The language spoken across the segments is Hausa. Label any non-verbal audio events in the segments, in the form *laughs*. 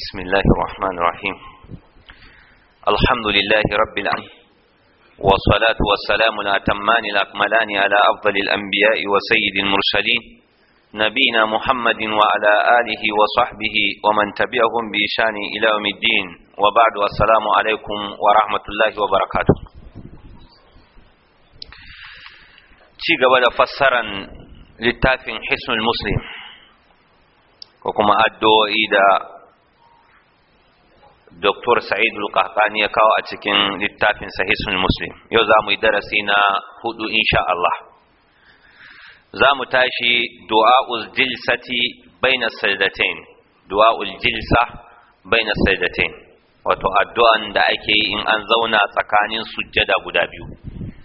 بسم الله الرحمن الرحيم الحمد لله رب العالمين والصلاة والسلام الأتمان الأكملان على أفضل الأنبياء وسيد المرسلين نبينا محمد وعلى آله وصحبه ومن تبعهم بإشان إلى يوم الدين وبعد والسلام عليكم ورحمة الله وبركاته ci gaba da fassaran littafin hisnul muslim ko kuma addu'o'i da Dr. Sa'id al ya kawo a cikin littafin Sahihul Muslim yau za mu yi darasi na hudu insha Allah za mu tashi du'a'ul jilsati baina sajdatain du'a'ul jilsa baina sajdatain wato addu'an da ake yi in an zauna tsakanin sujjada guda biyu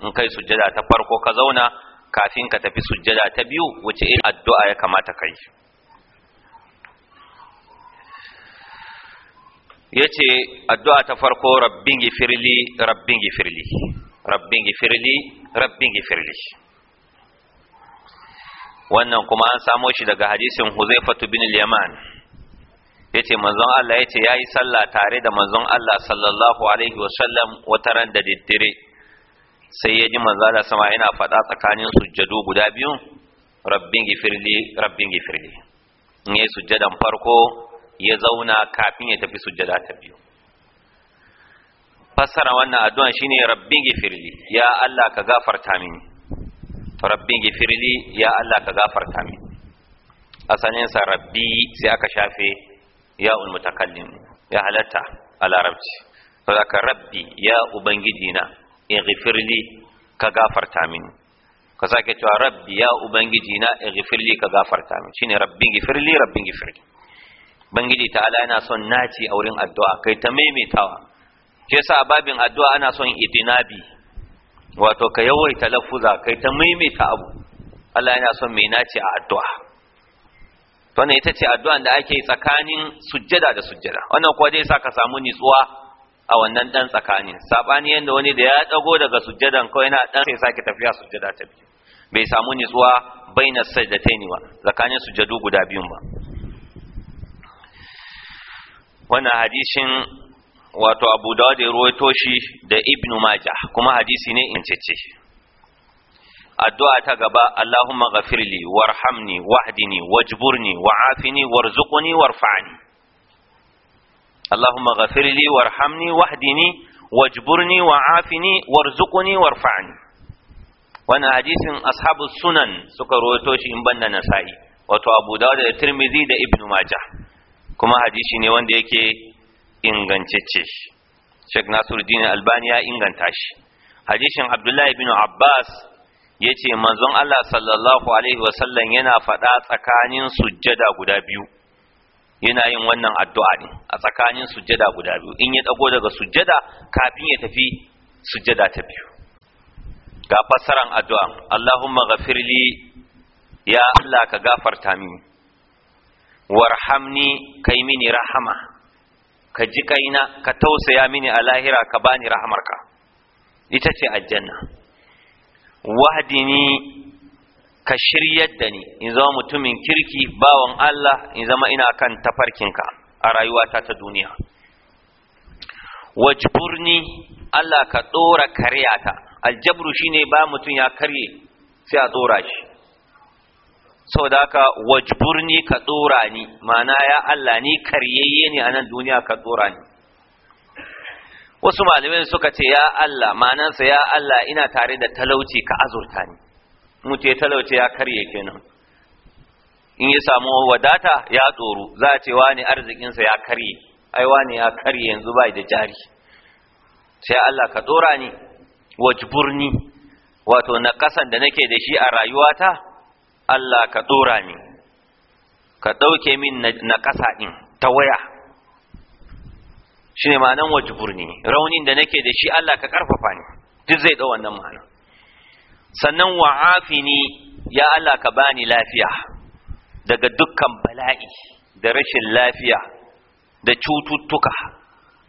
in kai sujjada ta farko ka zauna kafin ka tafi sujjada ta biyu wace irin addu'a ya kamata kai yace addu'a ta farko rabbin gifirli rabbin gifirli rabbin gifirli rabbin gifirli wannan kuma an samo shi daga hadisin huzaifatu bin al-yaman yace manzon Allah yace yayi sallah tare da manzon Allah sallallahu alaihi wasallam ran da diddire sai ya ji manzon Allah sama yana faɗa tsakanin sujjadu guda biyu rabbin gifirli rabbin gifirli in yayi sujjadan farko ya zauna kafin ya tafi sujjada ta biyu fassara wannan addu'an shine rabbi gifirli ya Allah ka gafarta mini rabbi gifirli ya Allah ka gafarta mini asalin sa rabbi sai aka shafe ya ul mutakallim ya halatta a larabci saboda rabbi ya ubangiji na ighfirli ka gafarta mini ka sake cewa rabbi ya ubangiji na ighfirli ka gafarta mini shine rabbi gifirli rabbi gifirli bangiji ta'ala yana son naci a wurin addu'a kai ta maimaitawa ke sa a babin addu'a ana son itinabi wato ka yawaita lafuza kai ta maimaita abu Allah yana son mai naci a addu'a ne ita ce addu'an da ake tsakanin sujjada da sujjada wannan kuwa dai sa ka samu nitsuwa a wannan dan tsakanin saɓani yadda wani da ya ɗago daga sujjadan kawai na ɗan sai sake tafiya sujjada ta biyu bai samu nitsuwa bai na sajdatani ba tsakanin sujjadu guda biyun ba wannan hadisin wato abu dawud ya ruwaito shi da ibnu majah kuma hadisi ne in incece addu'a ta gaba allahumma ghafirli warhamni wahdini wajburni wa'afini warzuqni warfa'ni allahumma ghafirli warhamni wahdini wajburni wa'afini warzuqni warfa'ni wannan hadisin ashabu sunan suka ruwaito shi in banda nasa'i wato abu dawud da tirmidhi da ibnu majah kuma hadisi ne wanda yake ingantacce Sheikh Nasiruddin Albani ya inganta shi hadisin Abdullah ibn Abbas yace manzon Allah sallallahu alaihi wa sallam yana faɗa tsakanin sujjada guda biyu yana yin wannan addu'a din a tsakanin sujjada guda biyu in ya dago daga sujjada kafin ya tafi sujjada ta biyu ga fassaran addu'a Allahumma ghafirli ya Allah ka gafarta mini warhamni kai mini rahama ka ji kaina ka tausaya mini a lahira ka bani rahamarka ita ce aljanna wahdini ka shiryar da ni in zama mutumin kirki bawan Allah in zama ina kan tafarkinka a rayuwata ta duniya wajburni Allah ka dora ta? aljabru shine ba mutum ya karye sai a dora shi saboda haka wajburni ka tsora ni ma'ana ya Allah ni karyayye ne a nan duniya ka tsora ni wasu malamai suka ce ya Allah ma'anansa ya Allah ina tare da talauci ka azurta ni mutu ya talauci ya karye kenan in ya samu wadata ya tsoro za a ce wani arzikinsa ya karye ai wani ya karye yanzu bai da jari sai Allah ka tsora ni wajburni wato na kasan da nake da shi a rayuwata Allah ka dora min ka ɗauke min na ƙasa ɗin ta waya shi ne ma'anan wajiburni raunin da nake da shi Allah ka ƙarfafa ni duk zai ɗau wannan ma'ana sannan wa'afini ya Allah ka bani lafiya daga dukkan bala'i da rashin lafiya da cututtuka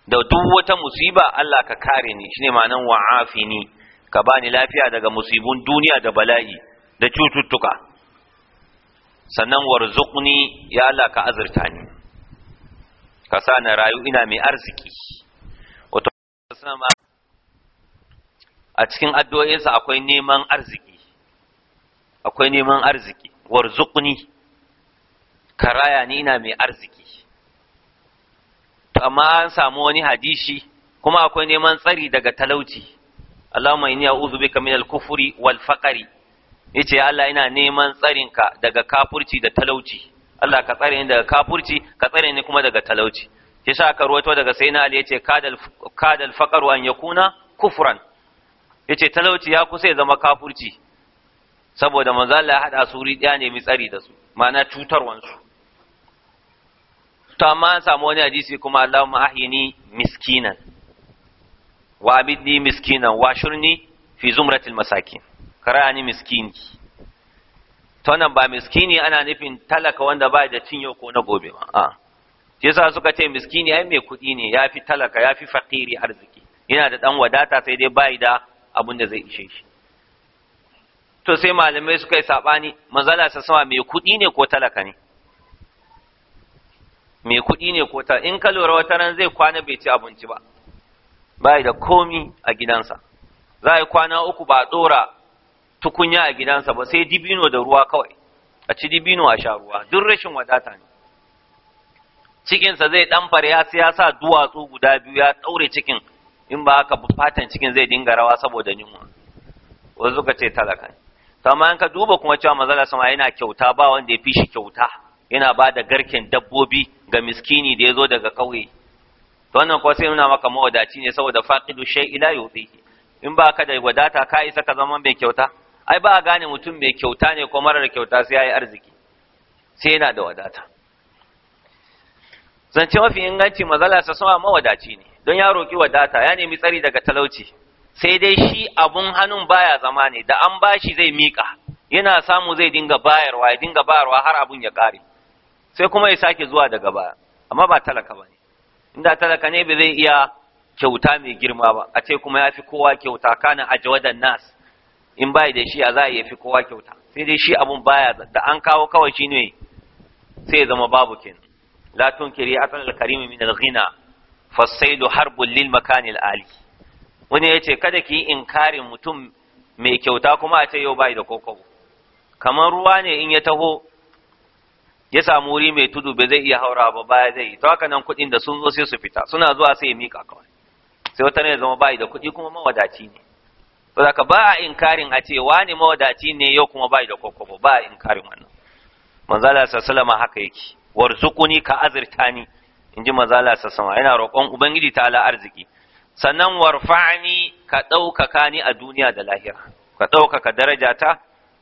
da duk wata musiba Allah ka kare ni shine ma'anan wa'afini ka bani lafiya daga musibun duniya da bala'i da cututtuka sannan warzuqni ya Allah ka azurta ni ka sa na rayu ina mai arziki wato a cikin addu'o'insa akwai neman arziki akwai neman arziki warzuqni ka raya ni ina mai arziki to amma an samu wani hadisi kuma akwai neman tsari daga talauci Allahumma inni a'udhu bika min al-kufri wal faqri yace ya Allah ina neman tsarinka daga kafurci da talauci Allah ka tsare ni daga kafurci ka tsare ni kuma daga talauci yasa ka ruwato daga sayyidina Ali yace kadal kadal faqru an yakuna kufran yace talauci ya kusa ya zama kafurci saboda manzo Allah ya hada su ri daya ne mi tsari da su ma'ana cutarwansu to amma an samu wani hadisi kuma Allahumma ahyini miskinan wa abidni miskinan wa shurni fi zumratil masakin kara'ani miskini to nan ba miskini ana nufin talaka wanda ba da cin yau ko na gobe ba a shi yasa suka ce miskini ai mai kuɗi ne yafi talaka yafi fakiri arziki yana da ɗan wadata sai dai bai da abin da zai ishe shi to sai malamai suka yi saɓani manzala sa sama mai kuɗi ne ko talaka ne mai kuɗi ne ko ta in ka lura wata ran zai kwana bai ci abinci ba bai da komi a gidansa za a yi kwana uku ba a ɗora tukunya a gidansa ba sai dibino da ruwa kawai a ci dibino a sha ruwa duk rashin wadata ne cikinsa zai ɗanfare ya sai ya sa duwatsu guda biyu ya ɗaure cikin in ba haka fatan cikin zai dinga rawa saboda yunwa wasu suka ce talaka ne to amma in ka duba kuma cewa manzala sama yana kyauta ba wanda ya fi shi kyauta yana ba da garken dabbobi ga miskini da ya zo daga kauye. to wannan kuwa sai nuna maka mawadaci ne saboda faqidu shay'in la yutihi in ba ka da wadata ka isa ka zama mai kyauta ai ba a gane mutum mai kyauta ne ko marar kyauta sai ya yi arziki sai yana da wadata zance mafi inganci mazala sa sama mawadaci ne don ya roƙi wadata ya nemi tsari daga talauci sai dai shi abun hannun baya zama ne da an bashi zai miƙa yana samu zai dinga bayarwa ya dinga bayarwa har abun ya ƙare sai kuma ya sake zuwa daga baya amma ba talaka ba ne inda talaka ne ba zai iya kyauta mai girma ba a ce kuma ya fi kowa kyauta kana a jawadan nas in bai da shi a za a iya fi kowa kyauta sai dai shi abun baya da an kawo kawai shi ne sai ya zama babu kin la tunkiri asal al-karim min al-ghina fasaidu harbun lil al-ali wani yace kada ki inkarin mutum mai kyauta kuma a ce yau bai da kokobo kamar ruwa ne in ya taho ya samu wuri mai tudu bai zai iya haura ba baya zai yi to haka nan kuɗin da sun zo sai su fita suna zuwa sai ya miƙa kawai sai wata ne zama bai da kuɗi kuma mawadaci ne Saboda ba a inkarin a ce wani mawadaci ne yau kuma bai da kokobo ba a inkarin wannan. Manzala sallama haka yake warzukuni ka azirta ni In inji manzala sallama yana roƙon ubangiji ta ala arziki sannan warfa'ni ka ɗaukaka ni a duniya da lahira ka ɗaukaka darajata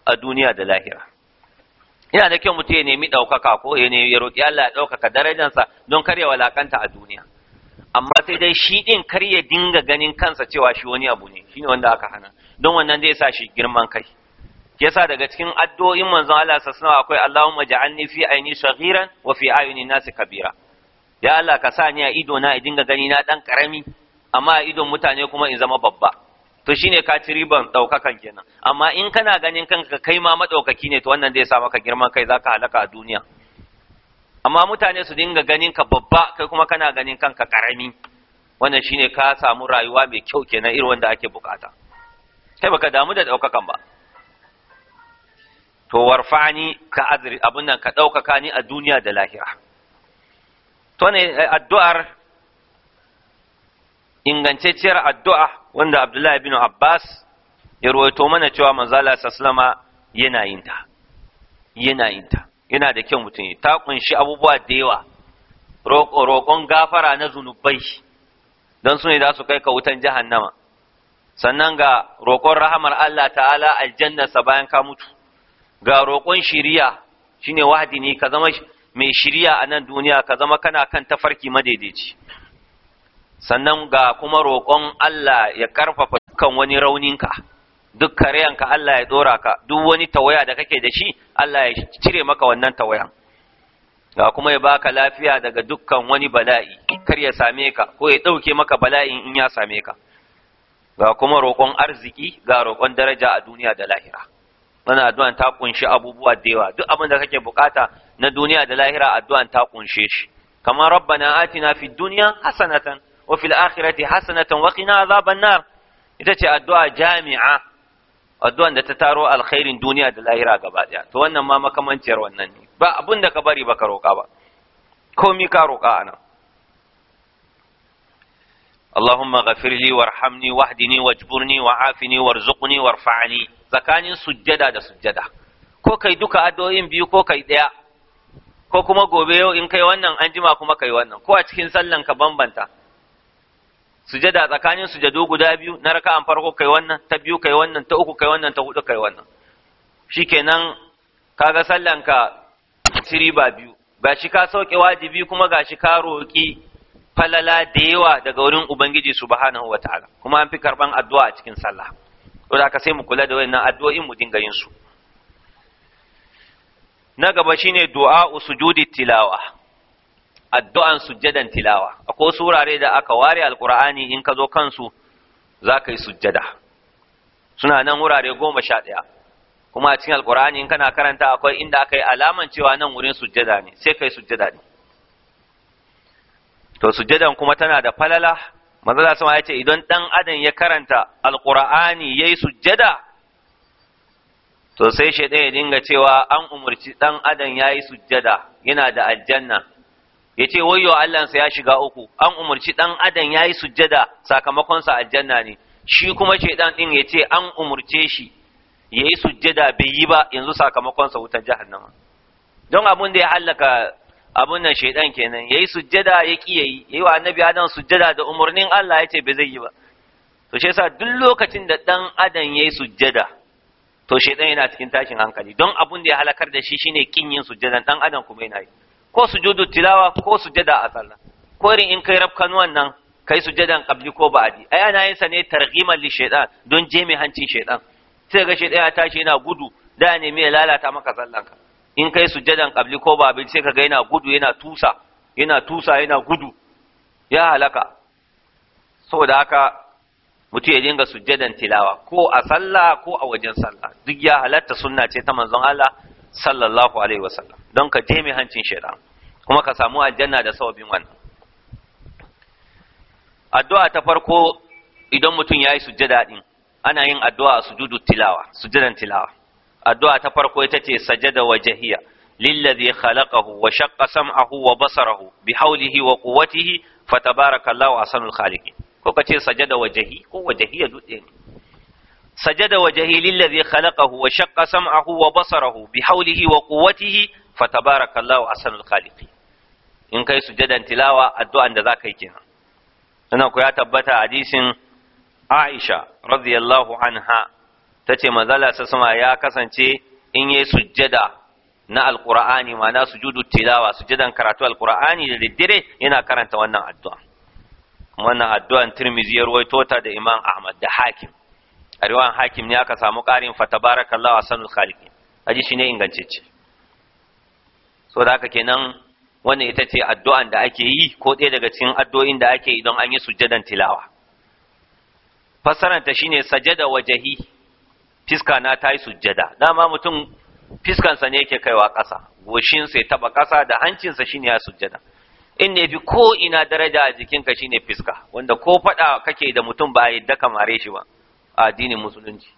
a duniya da lahira yana da kyau mutum ya nemi ɗaukaka ko ya nemi ya roƙi Allah ya ɗaukaka darajansa don kar ya walakanta a duniya amma sai dai shi ɗin kar ya dinga ganin kansa cewa shi wani abu ne shine wanda aka hana don wannan zai sa shi girman kai yasa daga cikin addu'o'in manzon Allah sallallahu akwai Allahumma ja'alni fi aini saghiran wa fi ayni nasi kabira ya Allah ka sa ni a ido na dinga gani na dan karami amma a idon mutane kuma in zama babba to shine ka ci riban daukakan kenan amma in kana ganin kanka kai ma madaukaki ne to wannan zai sa maka girman kai zaka halaka a duniya amma mutane su dinga ganin ka babba kai kuma kana ganin kanka karami wannan shine ka samu rayuwa mai kyau kenan irin wanda ake bukata kai baka damu da daukakan ba to warfani ka azri abun nan ka daukaka ni a duniya da lahira to ne eh, addu'ar ingantacciyar addu'a wanda Abdullahi bin Abbas ya ruwaito mana cewa manzala sallama yana yin ta yana yin ta yana da kyau mutum ta kunshi abubuwa da yawa roƙon gafara na zunubai don su ne za su kai ka wutan jahannama sannan ga roƙon rahamar Allah ta'ala aljannarsa bayan ka mutu ga roƙon shiriya shine ne ka zama mai shiriya a nan duniya ka zama kana kan tafarki madaidaici sannan ga kuma roƙon Allah ya karfafa dukkan wani rauninka duk ka Allah ya dora ka duk wani tawaya da kake da shi Allah ya cire maka wannan tawayan ga kuma ya baka lafiya daga dukkan wani bala'i kar ya same ka ko ya ɗauke maka bala'in in ya same ka ga kuma roƙon arziki ga roƙon daraja a duniya da lahira wannan addu'an ta kunshi abubuwa da yawa duk abin da kake bukata na duniya da lahira addu'an ta kunshe shi kamar rabbana atina fi dunya hasanatan wa fil akhirati hasanatan wa qina azaban nar ita ce addu'a jami'a addu'an da ta taro alkhairin duniya da lahira gaba daya to wannan ma makamanciyar wannan ne ba abun da ka bari ka roƙa ba komi ka roƙa ana? Allahumma غفر warhamni وارحمني wajburni wa'afini وعافني وارزقني وارفعني sujjada da sujjada ko kai duka addu'o'in biyu ko kai daya ko kuma gobe yau in kai wannan an jima kuma kai wannan ko a cikin sallan ka bambanta sujada tsakanin sujado guda biyu na raka'an farko kai wannan ta biyu kai wannan ta uku kai wannan ta hudu kai wannan shikenan kaga sallanka siri ba biyu gashi ka sauke wajibi kuma gashi ka roki falala da yawa daga wurin ubangiji subhanahu wataala kuma an fi karban addu'a a cikin sallah to da ka sai mu kula da wayannan addu'o'in mu dinga yin su na gaba shine du'a usujudi tilawa addu'an sujjadan tilawa akwai surare da aka ware alqur'ani in ka zo kansu za ka yi sujjada suna nan wurare goma sha ɗaya kuma a cikin alqur'ani in kana karanta akwai inda aka yi alaman cewa nan wurin sujjada ne sai ka yi sujjada ne to sujjadan kuma tana da falala manzala sama ya ce idan ɗan adam ya karanta alqur'ani yayi sujjada to sai shi ya dinga cewa an umarci dan adam yayi sujjada yana da aljanna ya ce Allah Allahnsa ya shiga uku an umarci ɗan adam ya yi sujjada sakamakonsa aljanna ne shi kuma shaidan ɗin ya ce an umarce shi ya yi sujjada bai yi ba yanzu sakamakonsa wutar jahannama don abin da ya hallaka abin nan shaidan kenan ya yi sujjada ya ƙi ya yi ya yi wa annabi adam sujjada da umarnin Allah ya ce bai zai yi ba to shi yasa duk lokacin da ɗan adam ya yi sujjada to shaidan yana cikin tashin hankali don abin da ya halakar da shi shine kin yin sujjadan ɗan adam kuma yana yi ko su sujudu tilawa ko sujada a sallah ko irin in kai rabkan wannan, kai sujadan kabli ko ba'adi. ai ana yin sa ne targhiman li shaytan don mai hancin shaytan sai ga shaytan ya tashi yana gudu da ne ya lalata maka sallanka in kai sujadan kabli ko ba'adi, sai kaga yana gudu yana tusa yana tusa yana gudu ya halaka saboda haka mutum ya dinga sujjadan tilawa ko a sallah ko a wajen sallah duk ya halatta sunna ce ta manzon Allah sallallahu alaihi wasallam don ka je mai hancin shaidan kuma ka samu aljanna da sawabin wannan addu'a ta farko idan mutum ya yi sujjada din ana yin addu'a a sujudu tilawa sujjadan tilawa addu'a ta farko ita ce sajada wajhiya lillazi khalaqahu wa shaqqa sam'ahu wa basarahu bi hawlihi wa quwwatihi fatabarakallahu ahsanul khaliqin ko kace sajada wajhi ko wajhiya duk ɗaya ne sajada wajhi lillazi khalaqahu wa shaqqa sam'ahu wa basarahu bi hawlihi wa quwwatihi fatabarakallahu ahsanul khaliqin in kai sujadan tilawa addu'an da za yi kenan sannan ku ya tabbata hadisin Aisha radiyallahu anha tace mazala sa sama ya kasance in yi sujjada na alqur'ani ma'ana sujudu tilawa sujjadan karatu alkur'ani da daddare yana karanta wannan addu'a wannan addu'an Tirmidhi ya ruwaito ta da Imam Ahmad da Hakim a riwayan hakim ne aka samu karin fa tabarakallahu asanul khaliqin aji shine ingantacce so da haka kenan wannan ita ce addu'an da ake yi ko ɗaya daga cikin addu'o'in da ake idan an yi sujjadan tilawa fassaranta shine sajada wajahi fiska na ta yi sujjada dama mutum fiskansa ne yake kaiwa ƙasa goshinsa ya taba ƙasa da hancinsa shine ya sujjada in ne bi ko ina daraja a jikinka shine fiska wanda ko faɗa kake da mutum ba yadda kamare shi ba addinin musulunci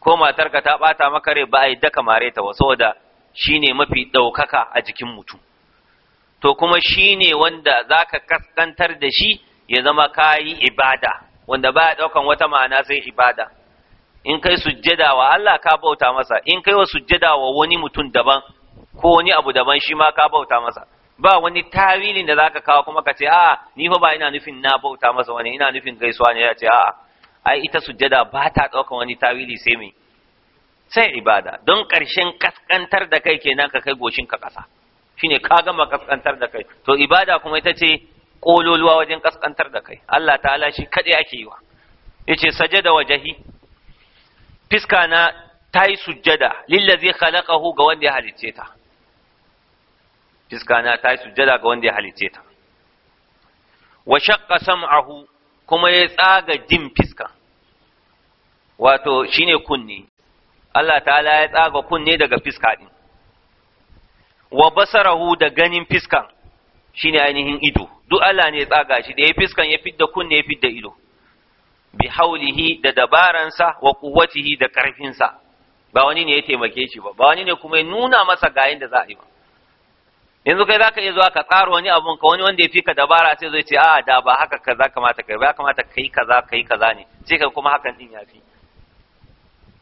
ko matarka ta bata maka rai ba a yi daka mare ta ba saboda shine mafi ɗaukaka a jikin mutum to kuma shine wanda zaka kaskantar da shi ya zama kayi ibada wanda baya ɗaukan wata ma'ana sai ibada in kai sujjada wa Allah ka bauta masa in kai wa sujjada wa wani mutum daban ko wani abu daban shi ma ka bauta masa ba wani tawilin da zaka kawo kuma ka ce a ni fa ba ina nufin na bauta masa wani ina nufin gaisuwa ne ya ce a'a ai ita sujjada ba ta ɗaukan wani tawili sai me sai ibada don ƙarshen kaskantar da kai kenan ka kai goshin ka ƙasa shine ka gama kaskantar da kai to ibada kuma ita ce kololuwa wajen kaskantar da kai Allah ta'ala shi kadai ake yi wa yace sajada wajahi fiska na tayi sujjada lillazi khalaqahu ga wanda ya halicce ta fiska na tayi sujjada ga wanda ya halicce ta wa shaqqa sam'ahu kuma ya tsaga jin fiskan wato shine kunne Allah ta'ala ya tsaga kunne daga fiska din wa basarahu da ganin fiskan shine ainihin ido duk Allah ne ya tsaga shi da ya fiskan ya fidda kunne ya fidda ido bi haulihi da dabaransa wa kuwatihi da ƙarfinsa. ba wani ne ya taimake shi ba ba wani ne kuma ya nuna masa ga da za yi ba yanzu kai zaka iya zuwa ka tsara wani abun ka wani wanda ya fi ka dabara sai zai ce a ah, da ba haka kaza kamata kai ba kamata kai kaza kai kaza ne sai ka kuma hakan din ya fi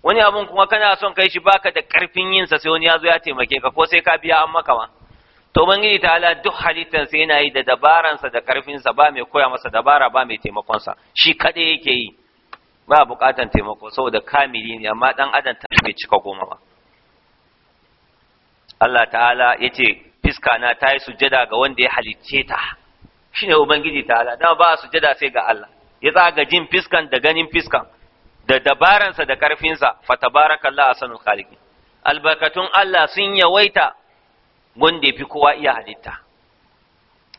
wani abun kuma kana son kai shi baka da karfin yin sa sai wani ya zo ya taimake ka ko sai ka biya an maka ma to ubangiji ta ala duk halittar sa yana yi da dabaran sa da karfin sa ba mai koya masa dabara ba mai taimakon sa shi kade yake yi ba bukatan taimako saboda kamili ne amma dan adam ta bai cika goma ba Allah ta'ala yace fiska na ta yi sujjada ga wanda ya halicce ta shine ubangiji ta'ala dama ba sujjada sai ga Allah ya tsaga jin fiskan da ganin fiskan da dabaransa da ƙarfinsa a ahsanul khaliqin albarkatun Allah sun yawaita wanda fi kowa iya halitta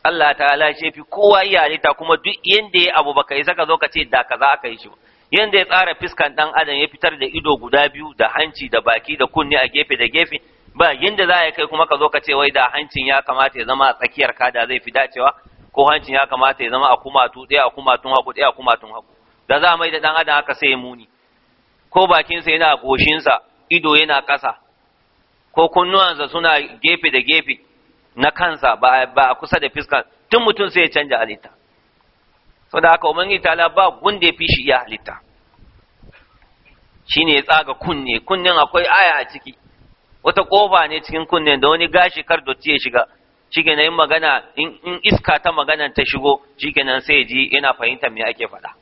Allah ta'ala ce fi kowa iya halitta kuma duk yanda ya abu baka yi saka zo ka ce da kaza aka yi shi yanda ya tsara fiskan dan adam ya fitar da ido guda biyu da hanci da baki da kunni a gefe da gefe ba yanda za ya kai kuma ka zo ka ce wai da hancin ya kamata ya zama a tsakiyar kada zai fi dacewa ko hancin ya kamata ya zama a kumatu, ɗaya a kumatun hagu ɗaya a kumatun hagu da za mai da dan adam aka sai muni ko bakinsa yana goshinsa ido yana ƙasa ko kunnuwansa suna gefe da gefe na kansa ba a kusa da fiska tun mutum sai ya canja halitta sau da aka umarni ta ba gunda ya fi shi iya halitta shi ne ya tsaga kunne kunnen akwai aya a ciki wata ƙofa ne cikin kunne da wani gashi kar dotti ya shiga shi magana in iska ta magana ta shigo shi kenan sai ji yana fahimta me ake faɗa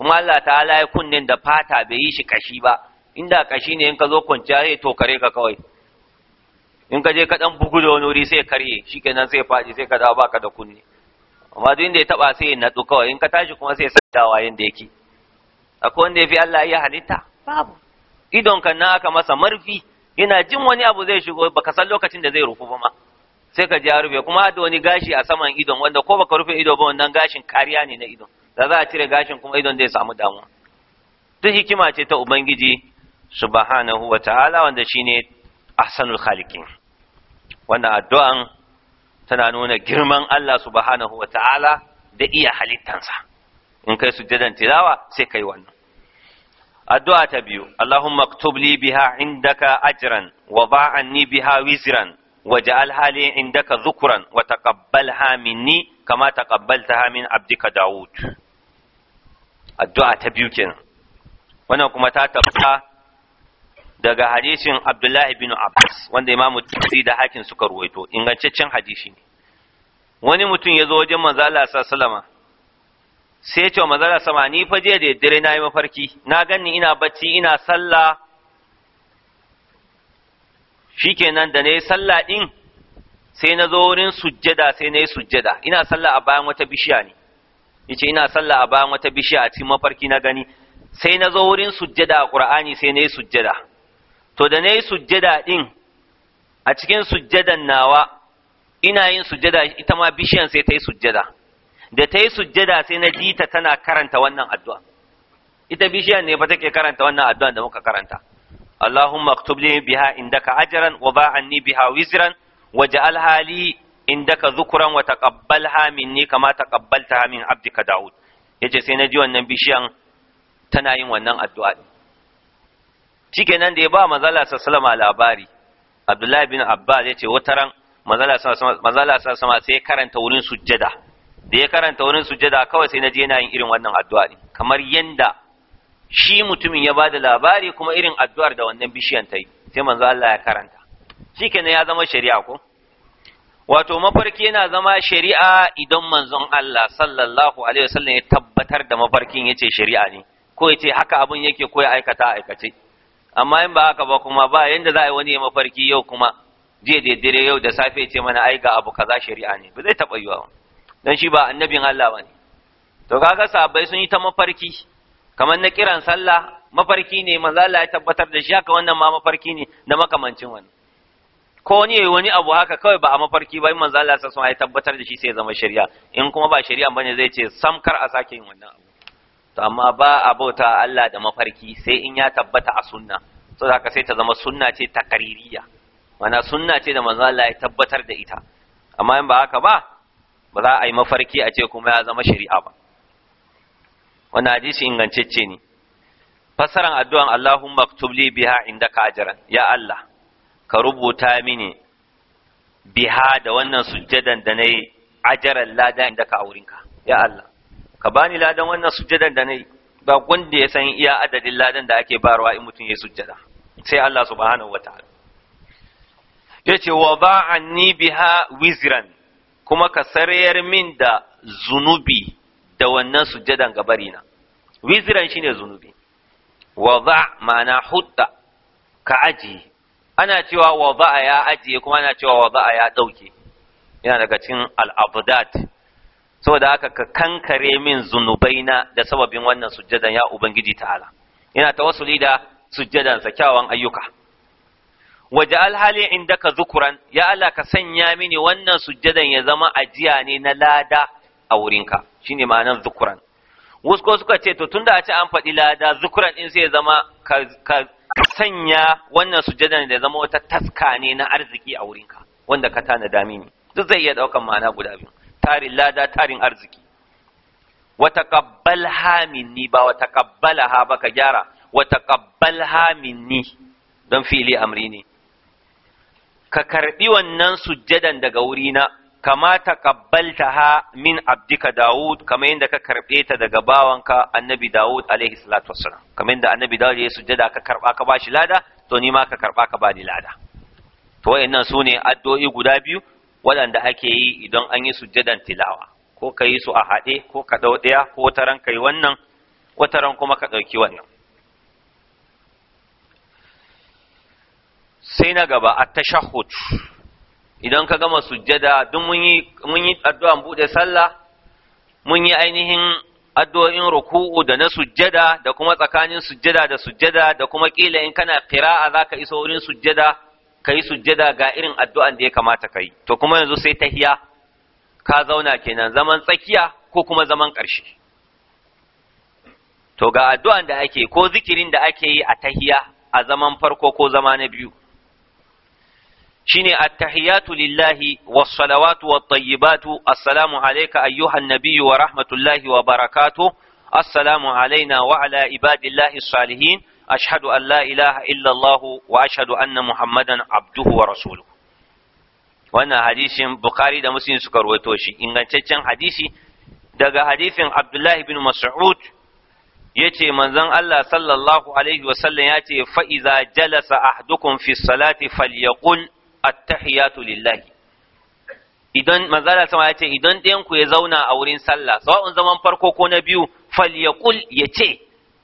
kuma Allah ta'ala ya kunnen da fata bai yi shi kashi ba inda kashi ne in ka zo kwanciya zai to ka kawai in ka je ka dan bugu da wani wuri sai karye shikenan sai faɗi sai ka dawo baka da kunne amma duk inda ya taba sai ya natsu kawai in ka tashi kuma sai sadawa yanda yake akwai wanda ya fi Allah iya halitta babu idon kan na aka masa marfi yana jin wani abu zai shigo baka san lokacin da zai rufu ba ma sai ka ji rufe kuma da wani gashi a saman idon wanda ko baka rufe ido ba wannan gashin kariya ne na idon da za a cire gashin kuma idon zai samu damuwa duk hikima ce ta ubangiji subhanahu wa ta'ala wanda shine ahsanul khaliqin wannan addu'an tana nuna girman Allah subhanahu wa ta'ala da iya halittansa in kai sujjadan tilawa sai kai wannan addu'a ta biyu Allahumma aktub li biha indaka ajran wa ba'anni biha wizran waj'al hali indaka dhukran wa taqabbalha minni kama taqabbaltaha min abdika daud addu'a ta biyu kenan wannan kuma ta tabbata daga hadisin Abdullahi bin Abbas wanda Imam Tirmidhi da Hakim suka ruwaito ingantaccen hadisi ne wani mutum ya zo wajen manzo Allah sallallahu sai ya ce manzo Allah sama ni fa je da dare na yi mafarki na ganni ina bacci ina sallah shikenan da ne sallah din sai na zo wurin sujjada sai na yi sujjada ina sallah a bayan wata bishiya ne yace ina sallah a bayan wata bishiya a cikin mafarki na gani sai na zo wurin sujjada a Qur'ani sai na yi sujjada to da yi sujjada din a cikin sujjadan nawa ina yin sujjada ita ma bishiyan sai ta yi sujjada da ta yi sujjada sai na ji ta tana karanta wannan addu'a ita bishiyan ne fa take karanta wannan addu'a da muka karanta Allahumma aktub li biha indaka ajran wa ba'anni biha wizran waj'alha li indaka dhukran wa taqabbalha minni kama taqabbaltaha min abdika Daud yace sai na ji wannan bishiyan tana yin wannan addu'a nan da ya ba manzala sallama labari Abdullahi bin Abbas yace wataran manzala sallama sai karanta wurin sujjada da ya karanta wurin sujjada kawai sai na ji yana yin irin wannan addu'a kamar yanda shi mutumin ya bada labari kuma irin addu'ar da wannan bishiyan ta yi sai manzo Allah ya karanta shikenan ya zama shari'a ko wato mafarki yana zama shari'a idan manzon Allah sallallahu alaihi wasallam ya tabbatar da mafarkin yace shari'a ne ko yace haka abun yake ko ya aikata aikace amma in ba haka ba kuma ba yanda za a yi wani mafarki yau kuma je daidare yau da safe ce mana ai ga abu kaza shari'a ne ba zai taɓa yiwa don shi ba annabin Allah ba ne to kaga sahabbai sun yi ta mafarki kamar na kiran sallah mafarki ne manzo Allah ya tabbatar da shi haka wannan ma mafarki ne da makamancin wani ko ne wani abu haka kawai ba a mafarki ba in manzo Allah ya ya tabbatar da shi sai ya zama shari'a in kuma ba shari'a bane zai ce samkar a sake yin wannan abu to amma ba a Allah da mafarki sai in ya tabbata a sunna so da haka sai ta zama sunna ce takaririya mana sunna ce da manzo Allah ya tabbatar da ita amma in ba haka ba ba za a yi mafarki a ce kuma ya zama shari'a ba wannan hadisi ingantacce ne fasaran addu'an Allahumma maktub li biha indaka ajran ya Allah ka rubuta mini biha da wannan sujjadan da nayi ajaran ladan indaka a wurinka ya Allah ka bani ladan wannan sujjadan da nayi ba wanda ya san iya adadin ladan da ake barwa in mutum ya sujjada sai Allah subhanahu wataala yace wa ba'anni biha wizran kuma ka sarayar min da zunubi da wannan sujjadan gabarina na wiziran shine zunubi wada ma'ana hudda ka aji ana cewa wada ya ajiye kuma ana cewa wada ya dauke yana daga cikin al-abdat saboda haka ka kankare min zunubaina da sababin wannan sujjadan ya ubangiji ta'ala yana tawassuli da sujjadan sa kyawawan ayyuka waje alhali inda ka zukuran ya Allah ka sanya mini wannan sujjadan ya zama ajiya ne na lada a wurinka shine ma'anar zukuran wasu ko suka ce to tunda a ce an faɗi lada zukuran din sai zama ka sanya wannan sujadan da zama wata taska ne na arziki a wurinka wanda ka tana dami ne duk zai iya daukan ma'ana guda biyu tarin lada tarin arziki Wata taqabbalha minni ba wata taqabbalaha ka gyara Wata taqabbalha minni don fili amri ne ka karbi wannan sujjadan daga wurina kama taqabbaltaha min abdika Dawud kama yanda ka karbe ta daga bawanka Annabi Dawud alaihi salatu wassalam kama yanda Annabi Dawud ya sujjada ka karba ka bashi lada to ni ma ka karba ka bani lada to wayannan sune addu'o'i guda biyu waɗanda ake yi idan an yi sujjadan tilawa ko ka yi su a haɗe ko ka ɗau ɗaya ko wata ran ka yi wannan wata ran kuma ka ɗauki wannan sai na gaba at-tashahhud idan ka gama sujjada duk mun yi mun yi addu'an bude sallah mun yi ainihin addu'o'in ruku'u da na sujjada da kuma tsakanin sujjada da sujjada da kuma kila in kana qira'a zaka iso wurin sujjada kai sujjada ga irin addu'an da ya kamata kai to kuma yanzu sai tahiya ka zauna kenan zaman tsakiya ko kuma zaman ƙarshe to ga addu'an da ake ko zikirin da ake yi a tahiya a zaman farko ko zama na biyu shine attahiyatu lillahi was salawatu wat tayyibatu assalamu alayka ayyuhan nabiyyu wa rahmatullahi wa barakatuh assalamu alaina wa ala ibadillahi salihin ashhadu an la ilaha illa allah wa ashhadu anna muhammadan abduhu wa rasuluhu wannan hadisin bukhari da muslim suka rawaito shi ingantaccen hadisi daga hadisin abdullahi bin mas'ud yace manzon Allah sallallahu alaihi sallam yace fa iza jalasa ahdukum fi salati falyaqul attahiyatu lillahi idan manzala sama ya ce idan ɗayan ku ya zauna a wurin sallah sawa'un zaman farko ko na biyu fal ya ya ce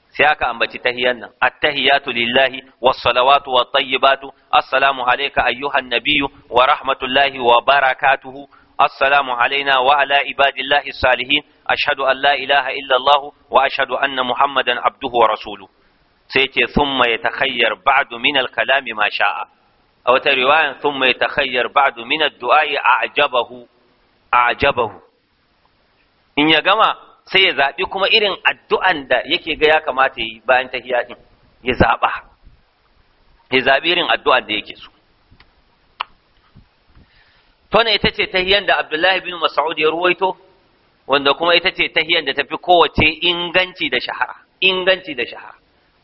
sai aka ambaci tahiyan nan attahiyatu lillahi wasalawatu wa wat-tayyibatu assalamu alayka ayyuhan nabiyyu wa rahmatullahi wa barakatuhu السلام علينا وعلى عباد الله الصالحين أشهد أن لا إله إلا الله وأشهد أن محمدا عبده ورسوله سيتي ثم يتخير بعد من الكلام ما شاء a wata riwayan sun mai takhayyar ba'du min ad-du'a'i a'jabahu a'jabahu in ya gama sai ya zaɓi kuma irin addu'an da yake ga ya kamata yi bayan tahiyya din ya zaɓa ya zaɓi irin addu'an da yake so ne ita ce tahiyan da Abdullahi bin Mas'ud ya ruwaito wanda kuma ita ce tahiyan da tafi kowace inganci da shahara inganci da shahara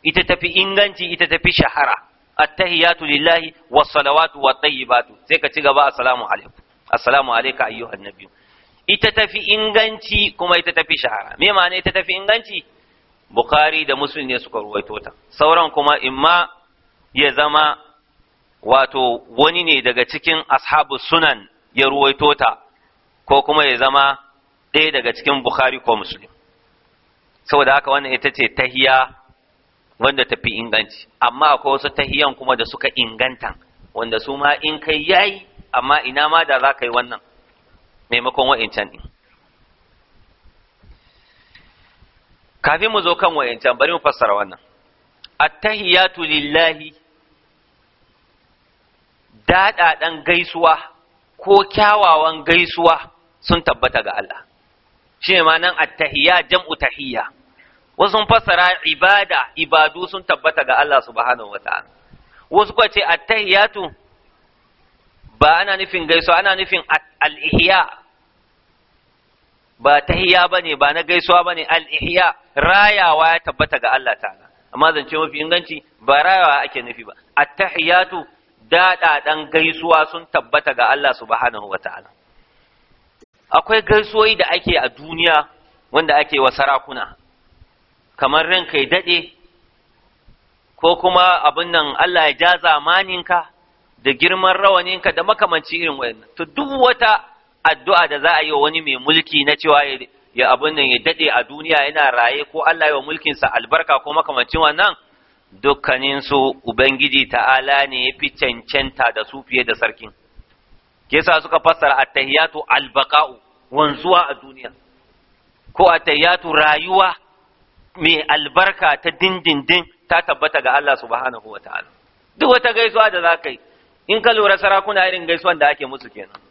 ita tafi inganci ita tafi shahara attahiyatu lillahi was salawatu wat tayyibatu sai ka ci gaba assalamu alaikum assalamu alayka ayyuhan nabiyyu ita tafi inganci kuma ita tafi shahara me ma'ana ita tafi inganci bukhari da muslim ne suka ruwaito ta sauran kuma imma ya zama wato wani ne daga cikin ashabu sunan ya ruwaito ta ko kuma ya zama ɗaya daga cikin bukhari ko muslim saboda haka wannan ita ce tahiya wanda tafi inganci amma akwai wasu tahiyan kuma da suka inganta wanda su ma in kai yayi amma ina ma da za ka yi wannan maimakon wa'incan din kafin mu zo kan wa'incan bari mu fassara wannan attahiyatu lillahi daɗaɗan gaisuwa ko kyawawan gaisuwa sun tabbata ga Allah shi ne ma nan attahiyya jam'u tahiyya wasu fassara ibada ibadu sun tabbata ga Allah subhanahu ta’ala, wasu kuwa ce tahiyatu ba ana nufin gaisuwa ana nufin al’ihiya ba tahiya bane ba na gaisuwa bane ne al’ihiya rayawa ya tabbata ga Allah ta'ala amma zance mafi inganci ba rayawa ake nufi ba a tahiyatu daɗaɗan gaisuwa sun tabbata ga Allah subhanahu ta’ala. akwai gaisuwoyi da ake a duniya wanda ake wa sarakuna kamar ran kai daɗe ko kuma abin nan Allah ya ja zamanin ka da girman rawaninka da makamanci irin wannan. to duk wata addu'a da za a yi wa wani mai mulki na cewa ya abin nan ya daɗe a duniya yana raye ko Allah ya wa mulkinsa albarka ko makamancin wannan dukkaninsu Ubangiji ta'ala ne ya fi cancanta da su fiye da sarkin. Kesa suka fassara attahiyatu albaka'u wanzuwa a duniya, ko attahiyatu rayuwa mai albarka ta dindindin ta tabbata ga Allah subhanahu wa ta'ala duk wata gaisuwa da za ka in ka lura sarakuna irin gaisuwan da ake musu kenan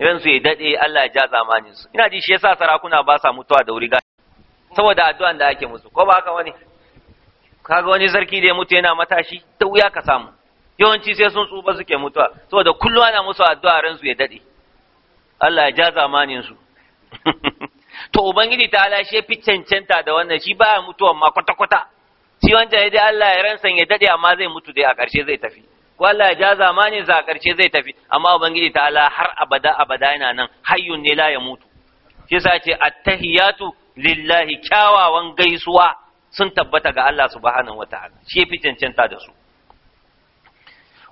irin su ya daɗe Allah ya ja zamanin su ina ji shi yasa sarakuna ba sa mutuwa da wuri saboda addu'an da ake musu ko ba haka wani kaga wani sarki da ya mutu yana matashi ta wuya ka samu yawanci sai sun tsufa suke mutuwa saboda kullum ana musu addu'a ran su ya dade. Allah ya ja zamanin su *laughs* to ubangiji ta ala shi fi cancanta da wannan shi ba mutuwan ma kwata kwata shi wanda ya ji Allah ya ransa ya dade amma zai mutu dai a ƙarshe zai tafi ko Allah ya ja zamanin za a ƙarshe zai tafi amma ubangiji ta ala har abada abada yana nan hayyun ne la ya mutu shi sa ce attahiyatu lillahi kyawawan gaisuwa sun tabbata ga Allah subhanahu wataala shi fi cancanta da su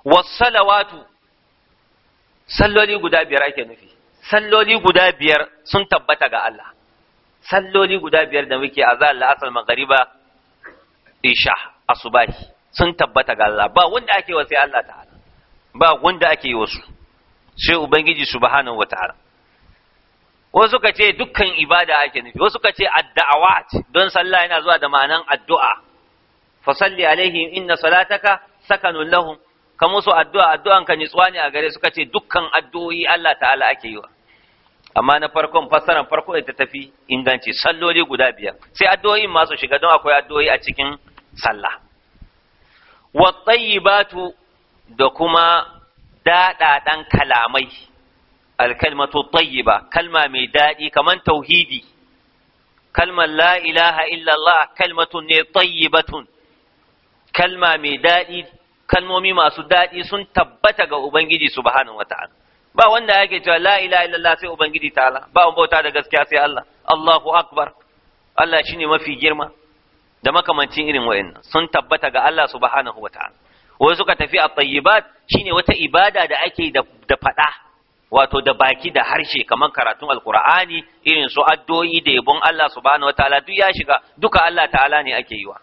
wasalawatu salloli guda biyar ake nufi salloli guda biyar sun tabbata ga Allah salloli guda biyar da muke a zahar la'asar magariba isha a Subahi sun tabbata ga Allah ba wanda ake wa sai Allah ta'ala ba wanda ake yi wasu sai ubangiji subhanahu ta'ala. wasu ka ce dukkan ibada ake nufi wasu ka ce adda'awat don sallah yana zuwa da ma'anan addu'a fa salli alaihim inna salataka sakanun lahum ka musu addu'a addu'an ka nitsuwa ne a gare suka ce dukkan addu'o'i Allah ta'ala ake yi wa amma na farkon fassarar farko ita tafi inganci salloli guda biyar sai addu'o'in masu shiga don akwai addu'o'i a cikin sallah wa tayyibatu da kuma daɗaɗan kalamai alkalmatu tayyiba kalma mai daɗi kamar tauhidi kalmar la ilaha illallah kalmatun ne tayyibatun kalma mai daɗi kalmomi masu daɗi sun tabbata ga ubangiji subhanahu wata'ala ba wanda yake cewa la ilaha illallah sai ubangiji ta'ala ba an bauta da gaskiya sai Allah Allahu akbar Allah shine mafi girma da makamancin irin wayannan sun tabbata ga Allah subhanahu wataala wai suka tafi a tayyibat shine wata ibada da ake da fada wato da baki da harshe kamar karatun alqur'ani irin su addu'o'i da yabon Allah subhanahu wataala duk ya shiga duka Allah ta'ala ne ake yiwa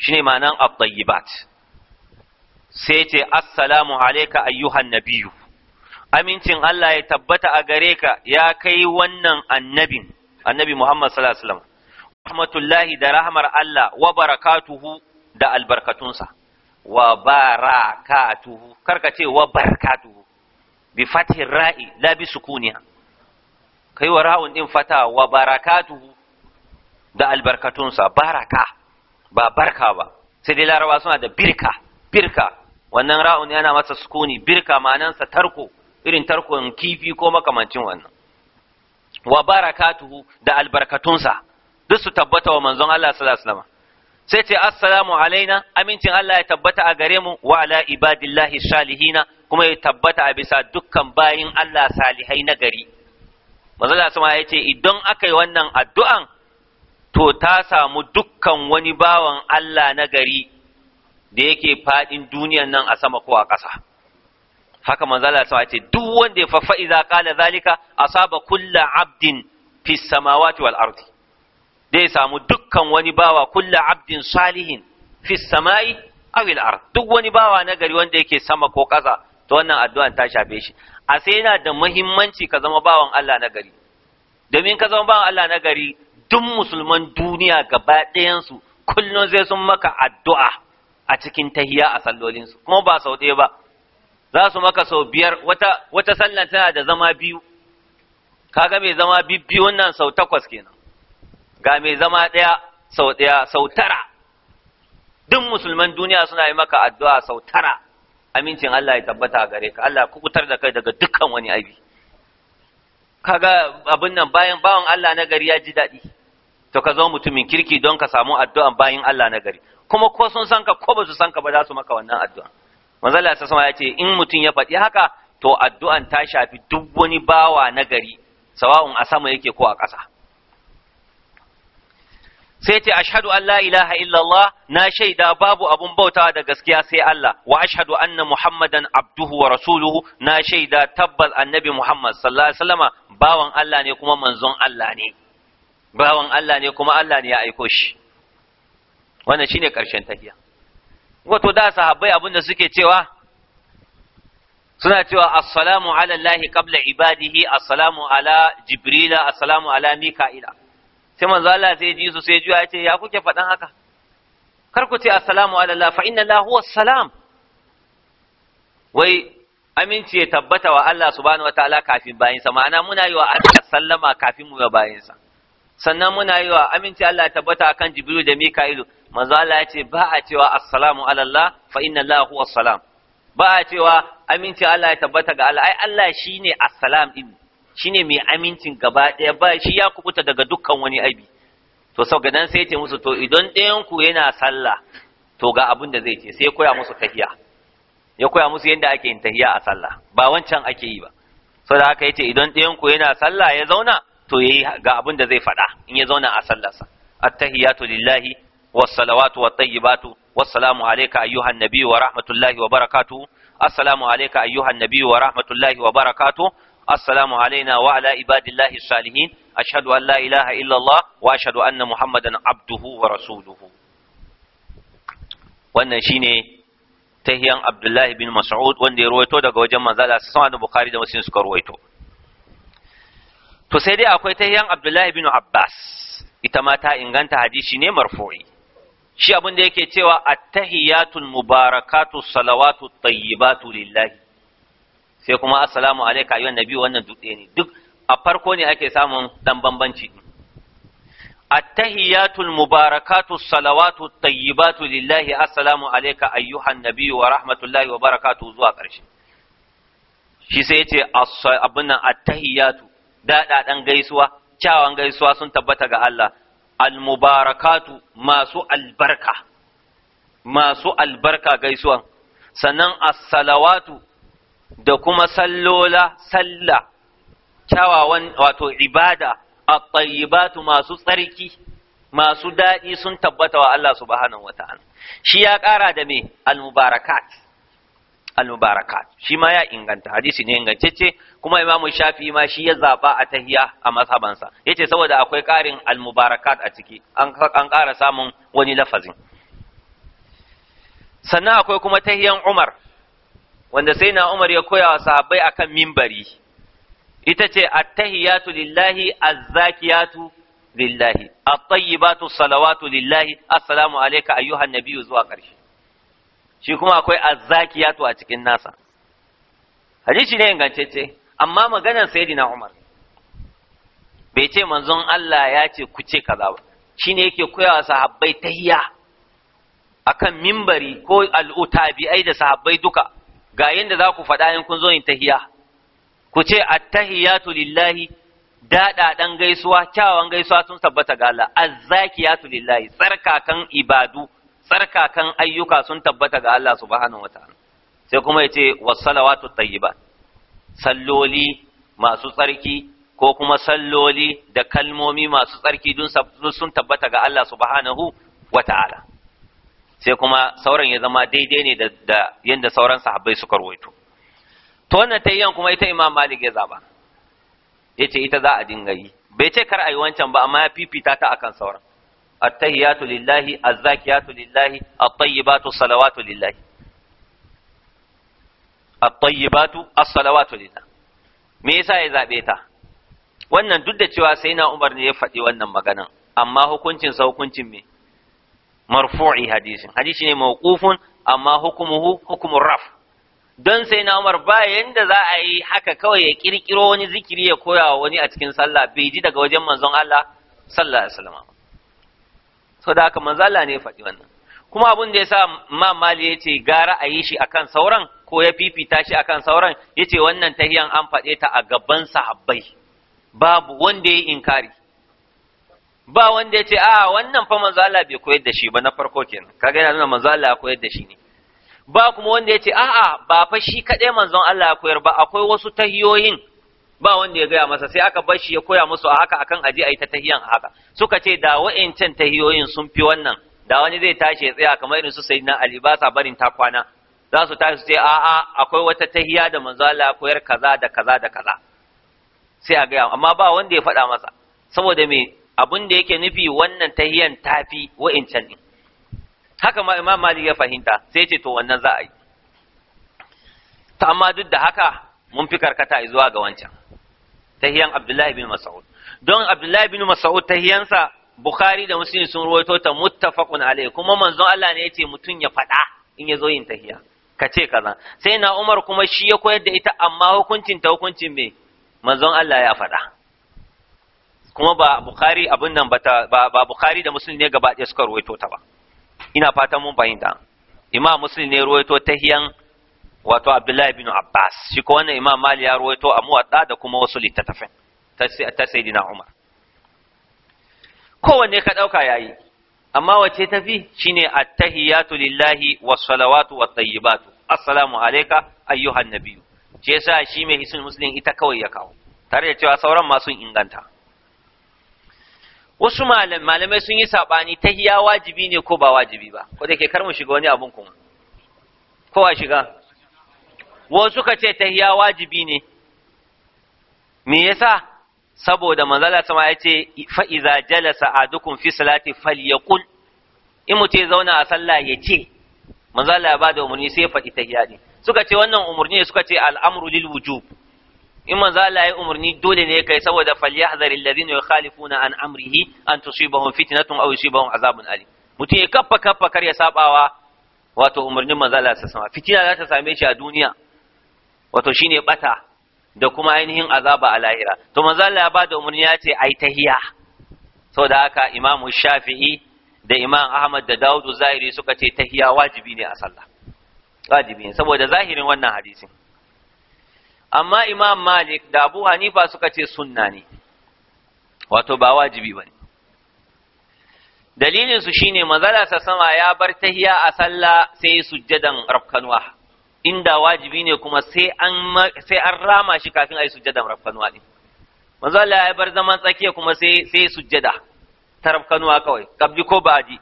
shine ma'anan at-tayyibat sai ce assalamu alayka ayyuhan nabiyyu amincin Allah ya tabbata a gare ka ya kai wannan annabin annabi Muhammad sallallahu alaihi wasallam rahmatullahi da rahmar Allah wa barakatuhu da albarkatunsa wa barakatuhu karka ce wa barakatuhu bi fathir ra'i la bi kai wa ra'un din fata wa barakatuhu da albarkatunsa baraka ba barka ba sai dai larabawa suna da birka birka wannan ra'un yana masa sukuni birka ma'anansa tarko irin tarkon kifi ko makamancin wannan wa barakatuhu da albarkatunsa duk su tabbata wa manzon Allah sallallahu alaihi wasallam sai ce assalamu alaina amincin Allah ya tabbata a gare mu wa ala ibadillahi salihina kuma ya tabbata a bisa dukkan bayin Allah salihai na gari manzon Allah wasallam ya ce idan aka yi wannan addu'an to ta samu dukkan wani bawan Allah na gari da yake fadin duniyan nan a sama ko a ƙasa haka manzala sa ce duk wanda ya fafa idza qala zalika asaba kullu abdin fi samawati wal ardi zai samu dukkan wani bawa kullu abdin salihin fi samai aw al ard duk wani bawa na gari wanda yake sama ko kasa to wannan addu'an ta shafe shi a sai yana da muhimmanci ka zama bawan Allah na gari domin ka zama bawan Allah na gari duk musulman duniya gaba ɗayansu kullum zai sun maka addu'a a cikin tahiya a sallolinsu kuma ba sau ɗaya ba za su maka sau biyar wata sallan tana da zama biyu kaga mai zama biyu wannan sau takwas kenan ga mai zama ɗaya sau ɗaya sau tara duk musulman duniya suna yi maka addu'a sau tara amincin Allah ya tabbata a gare ka Allah kukutar da kai daga dukkan wani aibi kaga abin nan bayan bawan Allah na gari ya ji daɗi to ka zo mutumin kirki don ka samu addu'a bayan Allah na gari kuma ko sun san ka ko ba su san ka ba za su maka wannan addu'a manzala ta sama ya ce in mutum ya faɗi haka to addu'an ta shafi duk wani bawa na gari sawa'un a sama yake ko a ƙasa sai ce ashhadu an la ilaha illallah na shaida babu abun bautawa da gaskiya sai Allah wa ashhadu anna muhammadan abduhu wa rasuluhu na shaida tabbas annabi muhammad sallallahu alaihi wasallama bawan Allah ne kuma manzon Allah ne bawan Allah ne kuma Allah ne ya aiko shi wannan shine ƙarshen tafiya wato da sahabbai abinda suke cewa suna cewa assalamu ala Allahi qabla ibadihi assalamu ala jibrila assalamu ala mika'ila sai manzo Allah sai ji su sai juya ya ce ya kuke faɗan haka kar ku ce assalamu ala Allah fa inna Allah huwa salam wai aminci ya tabbata wa Allah subhanahu wataala kafin bayinsa ma'ana muna yi wa Allah sallama kafin mu ga bayinsa sannan muna yi wa aminci Allah ya tabbata akan Jibril da Mika'ilu manzo Allah ya ce ba a cewa assalamu ala Allah fa inna Allah huwa salam ba a cewa aminci Allah ya tabbata ga Allah ai Allah shine assalam din shine mai amincin gaba daya ba shi ya kubuta daga dukkan wani aibi to saboda nan sai ya ce musu to idan ɗayan ku yana sallah to ga abin da zai ce sai ya koya musu tahiya ya koya musu yadda ake yin tahiya a sallah ba wancan ake yi ba saboda haka yace idan ɗayan ku yana sallah ya zauna to yayi ga abin da zai faɗa in ya zauna a sallarsa attahiyatu lillahi والصلوات والطيبات والسلام عليك أيها النبي ورحمة الله وبركاته السلام عليك أيها النبي ورحمة الله وبركاته السلام علينا وعلى عباد الله الصالحين أشهد أن لا إله إلا الله وأشهد أن محمدا عبده ورسوله wannan shine tahiyan Abdullahi bin Mas'ud wanda ya ruwaito daga wajen manzala sama da Bukhari da Muslim suka ruwaito to sai dai akwai tahiyan Abdullahi bin Abbas ita ma ta inganta hadisi ne marfu'i shi abin da yake cewa attahiyatul mubarakatu salawatu tayyibatu lillahi sai kuma assalamu alayka ayyuhan nabi wannan duk ne duk a farko ne ake samun dan bambanci attahiyatul mubarakatu salawatu tayyibatu lillahi assalamu alayka ayyuhan nabi wa rahmatullahi wa barakatuhu zuwa ƙarshe shi sai yace abin nan attahiyatu da gaisuwa kyawawan gaisuwa sun tabbata ga Allah almubarakatu masu albarka masu albarka gaisuwan sannan assalawatu da kuma sallola sallah kyawawan wato ibada at masu tsarki masu daɗi sun tabbata wa Allah subhanahu wata'ala shi ya ƙara da me almubarakat. al-mubarakat shi ma ya inganta hadisi ne ingantacce kuma Imam Shafi ma shi ya zaba a tahiya a mazhabansa yace saboda akwai karin al-mubarakat a ciki an ƙara samun wani lafazin sannan akwai kuma tahiyan Umar wanda sai na Umar ya koya wa sahabbai akan mimbari ita ce at-tahiyatu lillahi az-zakiyatu lillahi at-tayyibatu salawatu lillahi assalamu alayka ayyuhan nabiyyu zuwa ƙarshe shi kuma akwai azzakiyatu a cikin nasa hadisi ne ingantacce amma maganar sayyidina Umar bai ce manzon Allah ya ce ku ce kaza ba shine yake koyawa sahabbai tahiyya akan mimbari ko al'utabi'ai da sahabbai duka ga yanda za ku faɗa in kun zo yin tahiyya ku ce attahiyatu lillahi daɗaɗan gaisuwa kyawawan gaisuwa sun tabbata ga Allah azzakiyatu lillahi kan ibadu tsarkakan ayyuka sun tabbata ga Allah subhanahu ta'ala sai kuma yace wassalawatu tayyibat salloli masu tsarki ko kuma salloli da kalmomi masu tsarki dun sun tabbata ga Allah subhanahu wataala sai kuma sauran ya zama daidai ne da yadda sauran sahabbai suka ruwaito to wannan tayyan kuma ita Imam Malik ya zaba yace ita za a dinga yi bai ce kar ayi wancan ba amma ya fifita ta akan sauran attahiyatu lillahi azzakiyatu lillahi at-tayyibatu salawatu lillahi at-tayyibatu as-salawatu lillahi me yasa ya zabe ta wannan duk da cewa sai na Umar ne ya faɗi wannan maganan amma hukuncin sa hukuncin me marfu'i hadisin hadisi ne mawqufun amma hukumuhu hukumur raf don sai na Umar ba yanda za a yi haka kawai ya kirkiro wani zikiri ya koya wa wani a cikin sallah bai ji daga wajen manzon Allah sallallahu alaihi wasallam da haka manzo Allah ne ya faɗi wannan kuma abin da yasa ma mali yace gara a yi shi akan sauran ko ya fifita shi akan sauran yace wannan tahiyan an faɗe ta a gaban sahabbai babu wanda ya inkari ba wanda yace a ah, wannan fa manzo Allah bai koyar da shi ba na farko kenan kaga yana nuna manzo Allah ya koyar da shi ne ba kuma wanda yace a'a ba fa shi kadai manzon Allah ya koyar ba akwai wasu tahiyoyin ba wanda ya gaya masa sai aka bar shi ya koya musu a haka akan aje ayi ta tahiyan a haka suka ce da wa'incan tahiyoyin sun fi wannan da wani zai tashi ya tsaya kamar irin su sayyidina Ali ba sa barin ta kwana za su tashi su ce a'a akwai wata tahiya da manzo Allah koyar kaza da kaza da kaza sai a gaya amma ba wanda ya faɗa masa saboda me abin da yake nufi wannan tahiyan tafi wa'incan din haka ma Imam Malik ya fahimta sai ya ce to wannan za a yi ta amma duk da haka mun fi karkata zuwa ga wancan tahiyan Abdullahi bin Mas'ud don Abdullahi bin Mas'ud tahiyansa Bukhari da Muslim sun ruwaito ta muttafaqun alayhi, kuma manzon Allah ne yace mutun ya faɗa in ya zo yin tahiya ka ce kaza sai na Umar kuma shi ya koyar da ita amma hukuncin ta hukuncin me manzon Allah ya faɗa kuma ba Bukhari abin nan ba ba Bukhari da Muslim ne gaba ɗaya suka ruwaito ta ba ina fatan mun fahimta Imam Muslim ne ruwaito tahiyan wato abdullahi bin abbas shi ko wannan imam mali ya ruwaito a muwadda da kuma wasu littattafan ta sayyidina umar kowanne ka dauka yayi amma wace fi shine attahiyatu lillahi was salawatu wat assalamu alayka ayyuhan nabiyyu ce yasa shi mai hisin muslim ita kawai ya kawo tare da cewa sauran masu inganta wasu malamai sun yi saɓani tahiya wajibi ne ko ba wajibi ba ko da ke kar mu shiga wani abun kuma kowa shiga wa suka ce tahiya wajibi ne me yasa saboda manzala sama ya ce fa iza jalasa adukum fi salati falyakul, in mutum ya zauna a sallah ya ce manzala ya bada umarni sai ya faɗi tahiya ne suka ce wannan umarni suka ce al'amru lil wujub in manzala ya yi umarni dole ne kai saboda falyahzaril ladina yukhalifuna an amrihi an tusibahum fitnatun aw yusibahum azabun Ali. mutum ya kaffa kaffa kar ya sabawa wato umarnin manzala sa sama fitina za ta same shi a duniya wato shine bata da kuma ainihin azaba a lahira to manzo Allah ya bada umarni ya ce ai tahiya da haka Imam Shafi'i da Imam Ahmad da Dawudu, Zahiri suka ce tahiya wajibi ne a sallah wajibi ne saboda zahirin wannan hadisin amma Imam Malik da Abu Hanifa suka ce sunna ne wato ba wajibi bane dalilin su shine manzala sama ya bar tahiya a sallah sai sujjadan rafkanuwa. inda wajibi ne kuma sai an sai an rama shi kafin ayi sujjada rafkanuwa din manzo Allah ya bar zaman tsakiya kuma sai sai sujjada ta rafkanuwa kawai kabli ko baji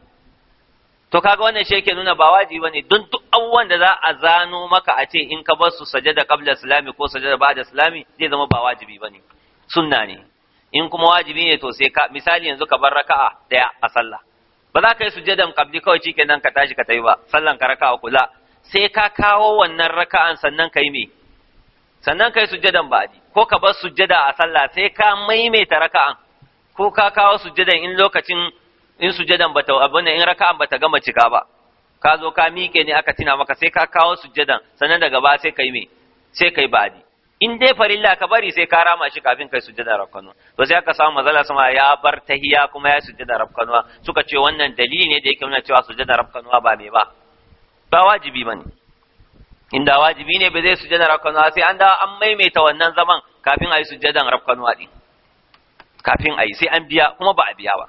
to kaga wannan shi yake nuna ba wajibi bane don duk abubuwan da za a zano maka a ce in ka bar su sajada qabla salami ko sajada ba'da salami zai zama ba wajibi bane sunna ne in kuma wajibi ne to sai ka misali yanzu ka bar raka'a daya a sallah ba za ka yi sujjadan qabli kawai nan ka tashi ka tayi ba sallan ka raka'a kula sai ka kawo wannan raka'an sannan kai me sannan kai sujjadan ba'di ko ka bar sujjada a sallah sai ka maimaita raka'an ko ka kawo sujjadan in lokacin in sujjadan bata abin in raka'an bata gama cika ba ka zo ka miƙe ne aka tina maka sai ka kawo sujjadan sannan daga ba sai kai me sai kai ba'di in dai farilla ka bari sai ka rama shi kafin kai sujjada rakkanu to sai aka samu mazala sama ya bar tahiya kuma ya sujjada rakkanu suka ce wannan dalili ne da yake nuna cewa sujjada rakkanu ba mai ba ba wajibi ba ne inda wajibi ne ba zai sujjadan rafkanuwa sai an da an maimaita wannan zaman kafin a yi sujjadan rafkanuwa waɗi, kafin a yi sai an biya kuma ba a biya ba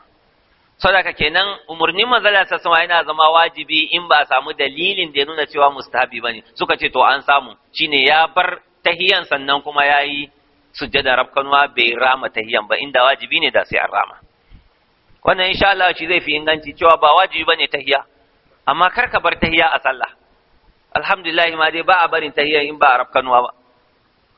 sadaka kenan umarnin manzala sa sama yana zama wajibi in ba a samu dalilin da ya nuna cewa mustahabi bane suka ce to an samu shine ya bar tahiyan sannan kuma ya yayi sujjada rabkanwa bai rama tahiyan ba inda wajibi ne da sai an rama wannan insha Allah shi zai fi inganci cewa ba wajibi bane tahiya amma kar ka bar tahiya a sallah alhamdulillah ma dai ba a barin tahiya in ba a rafkanuwa ba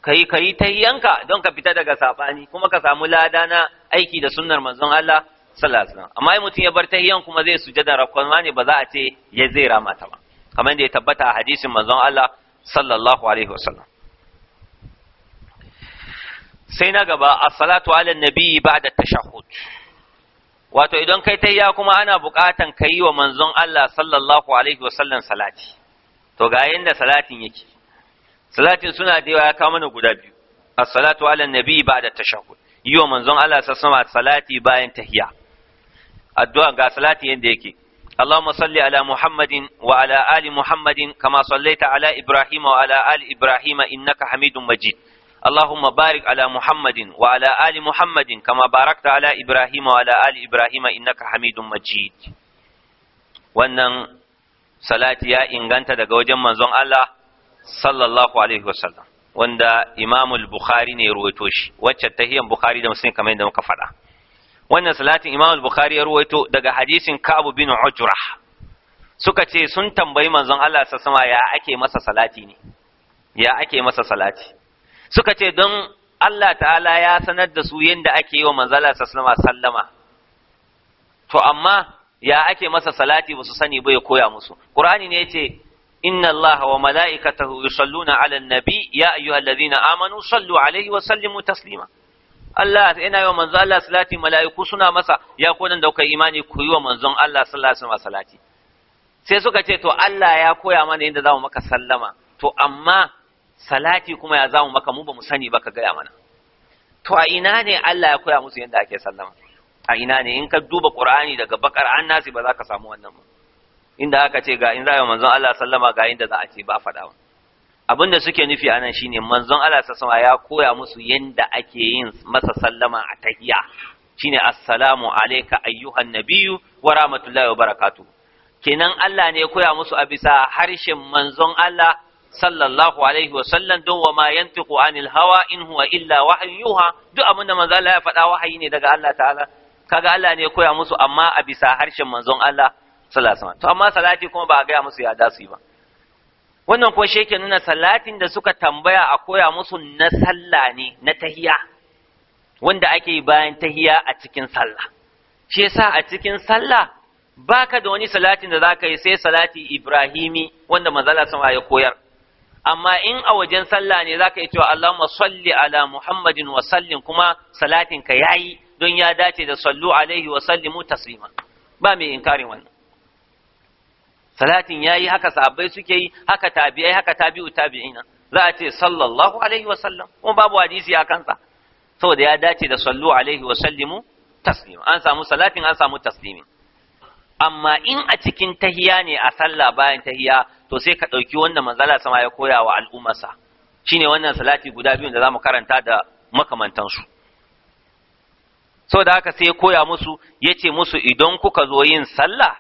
kai kai tahiyanka don ka fita daga sabani kuma ka samu lada na aiki da sunnar manzon Allah sallallahu alaihi wasallam amma in mutum ya bar tahiyan kuma zai sujada rafkanuwa ne ba za a ce ya zai rama ta ba kamar da ya tabbata a hadisin manzon Allah sallallahu alaihi wasallam sai na gaba as-salatu ala nabi ba'da tashahhud wato idan kai ta tayya kuma ana buƙatan ka yi wa manzon Allah sallallahu alaihi wa wasallam salati to ga yanda salatin yake salatin suna da yawa ya kawo mana guda biyu as-salatu ala nabi ba'da tashahhud yi wa manzon Allah sallallahu alaihi salati bayan tahiyya addu'a ga salati yanda yake اللهم صل على محمد وعلى آل محمد كما صليت على إبراهيم وعلى آل إبراهيم إنك حميد مجيد اللهم بارك على محمد وعلى آل محمد كما باركت على إبراهيم وعلى آل إبراهيم إنك حميد مجيد wannan salati ya inganta daga wajen manzon Allah sallallahu alaihi wasallam wanda imamul bukhari ne ruwaito shi wacce tahiyan bukhari da muslim kamar yadda muka faɗa wannan salatin imamul bukhari ya ruwaito daga hadisin ka'ab bin ujra suka ce sun tambayi manzon Allah sallallahu alaihi ya ake masa salati ne ya ake masa salati suka ce don Allah ta'ala ya sanar da su yadda ake yi wa manzala sallama sallama to amma ya ake masa salati ba su sani ba ya koya musu Ƙur'ani ne ce, inna Allah wa mala'ikatahu yusalluna 'alan nabi ya ayyuhalladhina amanu sallu 'alaihi wa sallimu taslima Allah yana yi wa manzon Allah salati mala'iku suna masa ya ko nan da kai imani ku yi wa manzon Allah sallallahu alaihi salati sai suka ce to Allah ya koya mana yadda zamu maka sallama to amma salati kuma ya zamu maka mu ba mu sani ba ka gaya mana to a ina ne Allah ya koya musu yadda ake sallama a ina ne in ka duba Qur'ani daga bakar an nasi ba za ka samu wannan ba inda aka ce ga in za manzon Allah sallama ga inda za a ce ba faɗa ba abin da suke nufi anan shine manzon Allah sallama ya koya musu yadda ake yin masa sallama a tahiyya shine assalamu alayka ayyuhan nabiyyu wa rahmatullahi wa barakatuh kenan Allah ne ya koya musu a bisa harshen manzon Allah sallallahu alaihi wasallam don wa ma yantiqu anil hawa in huwa illa wahyun yuha duk abinda manzo Allah ya faɗa wahayi ne daga Allah ta'ala kaga Allah ne ya koya musu amma a bisa harshen manzon Allah sallallahu alaihi wasallam to amma salati kuma ba a gaya musu ya dasu ba wannan kuma shekin nuna salatin da suka tambaya a koya musu na sallah ne na tahiya wanda ake bayan tahiya a cikin sallah shi yasa a cikin sallah baka da wani salatin da zaka yi sai salati ibrahimi wanda manzala sama ya koyar amma in a wajen sallah ne zaka yi cewa Allahumma salli ala Muhammadin wa sallim kuma salatin ka yayi don ya dace da sallu alaihi wa sallimu taslima ba mai inkarin wannan salatin yayi haka sahabbai suke yi haka tabi'ai haka tabi'u tabi'ina za a ce sallallahu alaihi wa sallam kuma babu hadisi a kansa saboda ya dace da sallu alaihi wa sallimu taslima an samu salatin an samu taslimin amma in a cikin tahiya ne a sallah bayan tahiya to sai ka ɗauki wannan manzala sama ya koya wa al'ummarsa shine wannan salati guda biyu da zamu karanta da makamantansu so da haka sai ya koya musu ya ce musu idan kuka zo yin sallah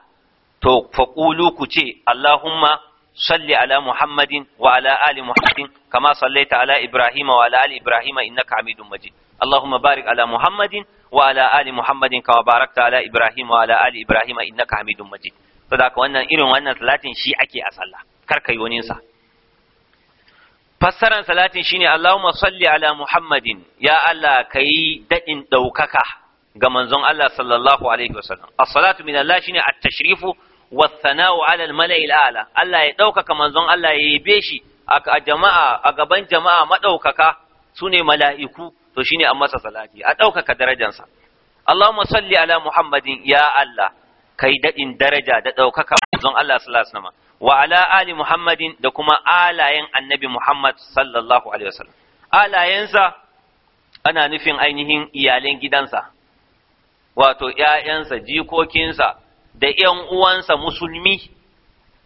to faqulu ku ce Allahumma salli ala muhammadin wa ala ali muhammadin kama sallaita ala ibrahima wa ala ali ibrahima innaka hamidun majid allahumma barik ala muhammadin wa ala ali muhammadin kama barakta ala ibrahima wa ala ali ibrahima innaka hamidun majid to da wannan irin wannan salatin shi ake a sallah kar kai wani sa fassaran salatin shine allahumma salli ala muhammadin ya ala kai daɗin ɗaukaka ga manzon Allah sallallahu alaihi salatu min shine a tashrifu wa thana'u ala malail ala Allah ya ɗaukaka manzon Allah ya yabe shi a jama'a a gaban jama'a madaukaka sune mala'iku to shine an masa salati a ɗaukaka darajarsa Allahumma salli ala Muhammadin ya Allah kai daɗin daraja da ɗaukaka manzon Allah sallallahu alaihi wasallam wa Muhammadin da kuma alayen annabi Muhammad sallallahu alaihi wasallam alayensa ana nufin ainihin iyalan gidansa wato ‘ya'yansa, jikokinsa, da ‘yan uwansa musulmi,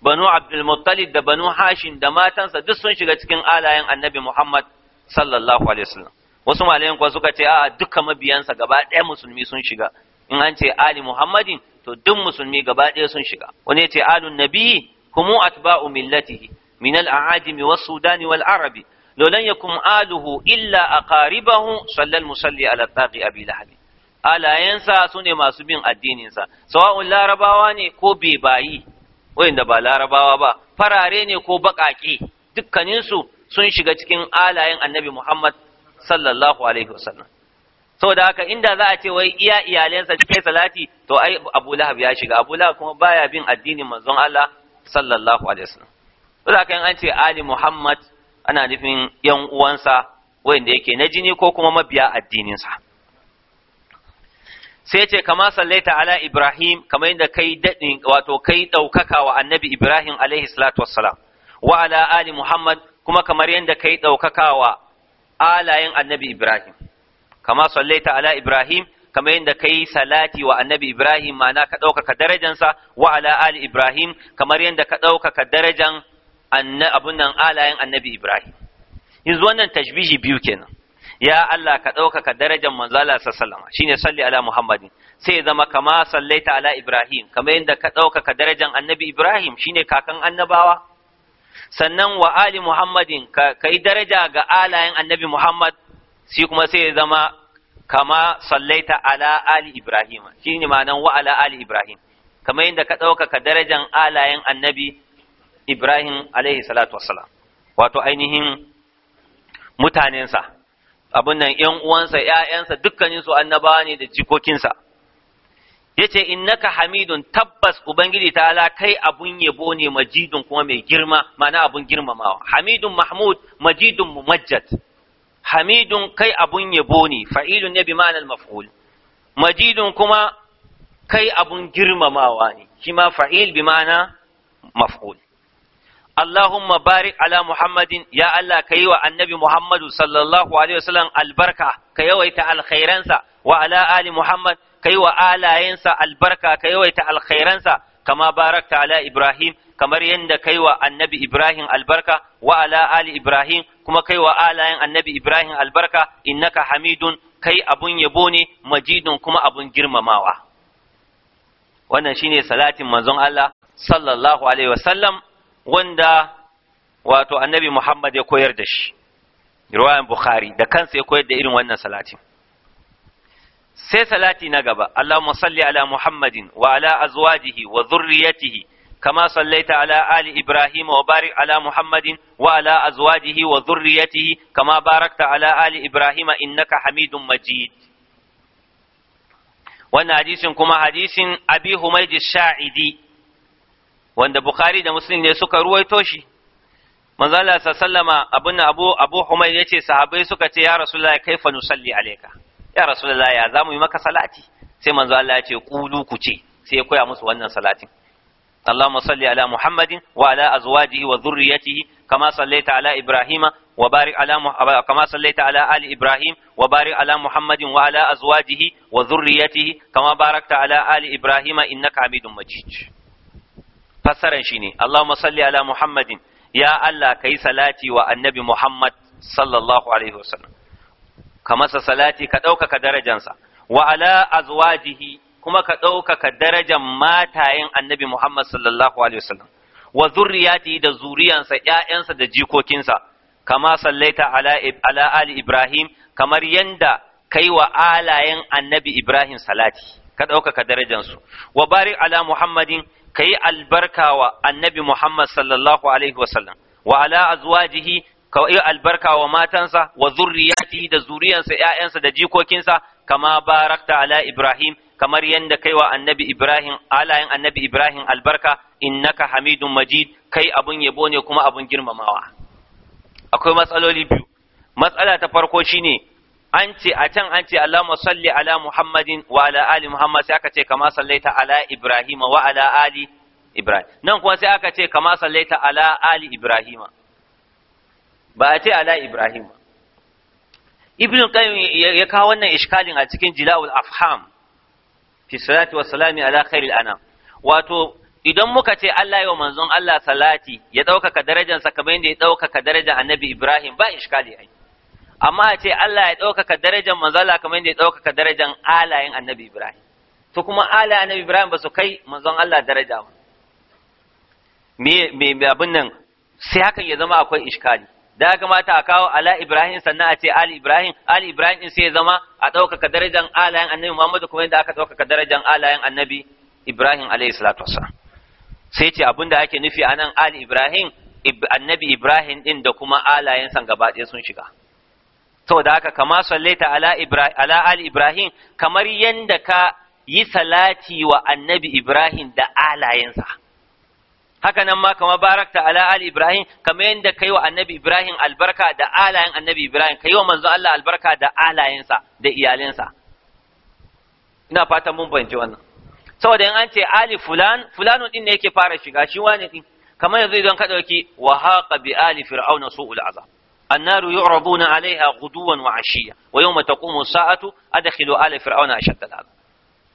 banu Abdulmuttalib da banu Hashin da matansa duk sun shiga cikin alayen annabi Muhammad sallallahu Alaihi wasallam. Wasu malayan kuwa suka ce, a duka mabiyansa gaba ɗaya musulmi sun shiga, in an ce Ali Muhammadin, to duk musulmi gaba ɗaya sun shiga. Wani ce, Alun Nabi, kuma atba'u millatihi, min al'adimi wasu Sudani wal Arabi, lolan yakum aluhu illa aqaribahu sallal musalli ala taqi abi lahabi. alayensa su ne masu bin addininsa sawa'un larabawa ne ko bebayi da ba larabawa ba farare ne ko baƙaƙe dukkaninsu sun shiga cikin alayen annabi muhammad sallallahu alaihi wasallam da haka inda za a ce wai iya iyalensa cikin salati to ai abu lahab ya shiga abu lahab kuma baya bin addinin manzon allah sallallahu alaihi wasallam saboda haka an ce ali muhammad ana nufin yan uwansa wanda yake na jini ko kuma mabiya addininsa sai ce kama sallaita ala Ibrahim kamar yadda kai daɗin wato kai ɗaukaka wa annabi Ibrahim alaihi salatu wassalam wa ala ali Muhammad kuma kamar yadda kai ɗaukaka wa alayen annabi Ibrahim kama sallaita ala Ibrahim kamar yadda kai salati wa annabi Ibrahim ma'ana ka ɗaukaka darajansa wa ala ali Ibrahim kamar yadda ka ɗaukaka darajan abun nan alayen annabi Ibrahim yanzu wannan tashbihi biyu kenan ya Allah ka ɗaukaka darajar manzala sallama ne salli ala Muhammad sai ya zama kama sallaita ala ibrahim kamar yadda ka ɗaukaka darajar annabi ibrahim shi ne kakan annabawa sannan wa ali muhammadin ka yi daraja ga alayen annabi muhammad sai kuma sai ya zama kama sallaita ala ali ibrahim shine ma'anan wa ala ali ibrahim kamar yadda ka ɗaukaka darajar alayen annabi ibrahim alaihi salatu wassalam wato ainihin mutanensa abin nan ‘yan uwansa, ‘ya'yansa, dukkaninsu annabawa ne da jikokinsa. Ya ce, Innaka hamidun tabbas Ubangiji ta ala kai abun yabo ne majidun kuma mai girma, mana abun girmamawa. Hamidun Mahmud, majidun mumajjad. Hamidun kai abun yabo ne, fa'ilun ne bi ma'anar maf'ul. Majidun kuma kai abun girmamawa ne, shi ma fa'il bi ma'ana maf'ul. Allahumma barik ala Muhammadin ya Allah ka yi wa annabi Muhammadu sallallahu alaihi wasallam albarka ka yawaita alkhairansa wa ala ali Muhammad ka yi wa alayensa albarka ka yawaita alkhairansa kama barakta ala Ibrahim kamar yadda kai wa annabi Ibrahim albarka wa ala ali Ibrahim kuma kai wa alayen annabi Ibrahim albarka innaka hamidun kai abun yabo ne majidun kuma abun girmamawa wannan shine salatin manzon Allah sallallahu alaihi wasallam wanda wato annabi Muhammad ya koyar da shi riwayan Bukhari da kansa ya koyar da irin wannan salati sai salati na gaba Allahumma salli ala Muhammadin wa ala azwajihi wa dhurriyyatihi kama sallaita ala ali Ibrahim wa barik ala Muhammadin wa ala azwajihi wa dhurriyyatihi kama barakta ala ali Ibrahim innaka Hamidum Majid wannan hadisin kuma hadisin Abi Humayd Sha'idi wanda bukhari da muslim ne suka ruwaito shi manzo Allah sallama abin abu abu humayr yace sahabbai suka ce ya rasulullah kaifa nusalli alayka ya rasulullah ya zamu yi maka salati sai manzo Allah yace ce qulu ku ce sai ya koya musu wannan salatin اللهم صل على محمد وعلى أزواجه ibrahim كما صليت على إبراهيم وبارك على ala كما صليت على آل إبراهيم وبارك على محمد وعلى أزواجه وذريته كما باركت على آل إبراهيم إنك حميد مجيد fassaran shi ne Allahumma salli ala Muhammadin ya Allah kai salati wa annabi Muhammad sallallahu alaihi wasallam ka masa salati ka ɗaukaka darajansa wa ala azwajihi kuma ka ɗaukaka darajan matayen annabi Muhammad sallallahu alaihi wasallam wa zurriyati da zuriyansa ƴaƴansa da jikokinsa kama sallaita ala ala ali Ibrahim kamar yanda kai wa alayen annabi Ibrahim salati ka ɗaukaka darajansu wa barik ala muhammadin ka yi albarka wa annabi muhammad sallallahu alaihi wasallam wa ala azwajihi ka yi albarka wa matansa wa zurriyatihi da zuriyansa ƴaƴansa da jikokinsa kama barakta ala ibrahim kamar yadda kai wa annabi ibrahim alayin annabi ibrahim albarka innaka hamidun majid kai abun yabo ne kuma abun girmamawa akwai matsaloli biyu matsala ta farko shine an ce a can an ce Allahumma salli ala Muhammadin wa ala ali Muhammad sai aka ce kama sallaita ala Ibrahim wa ala ali Ibrahim nan kuma sai aka ce kama sallaita ala ali Ibrahim ba a ce ala Ibrahim Ibn Qayyim ya kawo wannan iskalin a cikin Jila'ul Afham fi salati wa salami ala khairil anam wato idan muka ce Allah yau manzon Allah salati ya ɗaukaka darajarsa kamar yadda ya ɗaukaka darajar annabi Ibrahim ba iskali ai amma a ce Allah ya ɗaukaka darajar manzala kamar yadda ya ɗaukaka darajar alayen annabi Ibrahim to kuma alayen annabi Ibrahim ba su kai manzon Allah daraja ba me me abin nan sai hakan ya zama akwai iskali da ya kamata a kawo ala Ibrahim sannan a ce ali Ibrahim ali Ibrahim sai ya zama a ɗaukaka darajar alayen annabi Muhammadu kuma yadda aka ɗaukaka darajar alayen annabi Ibrahim alayhi salatu sai ce abin da ake nufi anan ali Ibrahim annabi Ibrahim ɗin da kuma alayensa gaba ɗaya sun shiga saboda haka kama sallaita ala ala al ibrahim kamar yadda ka yi salati wa annabi ibrahim da alayensa haka nan ma kama barakta ala al ibrahim kamar yadda ka yi wa annabi ibrahim albarka da alayen annabi ibrahim ka yi wa manzo Allah albarka da alayensa da iyalensa ina fatan mun bance wannan saboda in an ce ali fulan fulanun din ne yake fara shiga shi wane din kamar yanzu idan ka dauki wa haqa bi ali fir'auna su'ul azab النار يعرضون عليها غدوا وعشيا ويوم تقوم الساعة أدخلوا آل فرعون أشد العذاب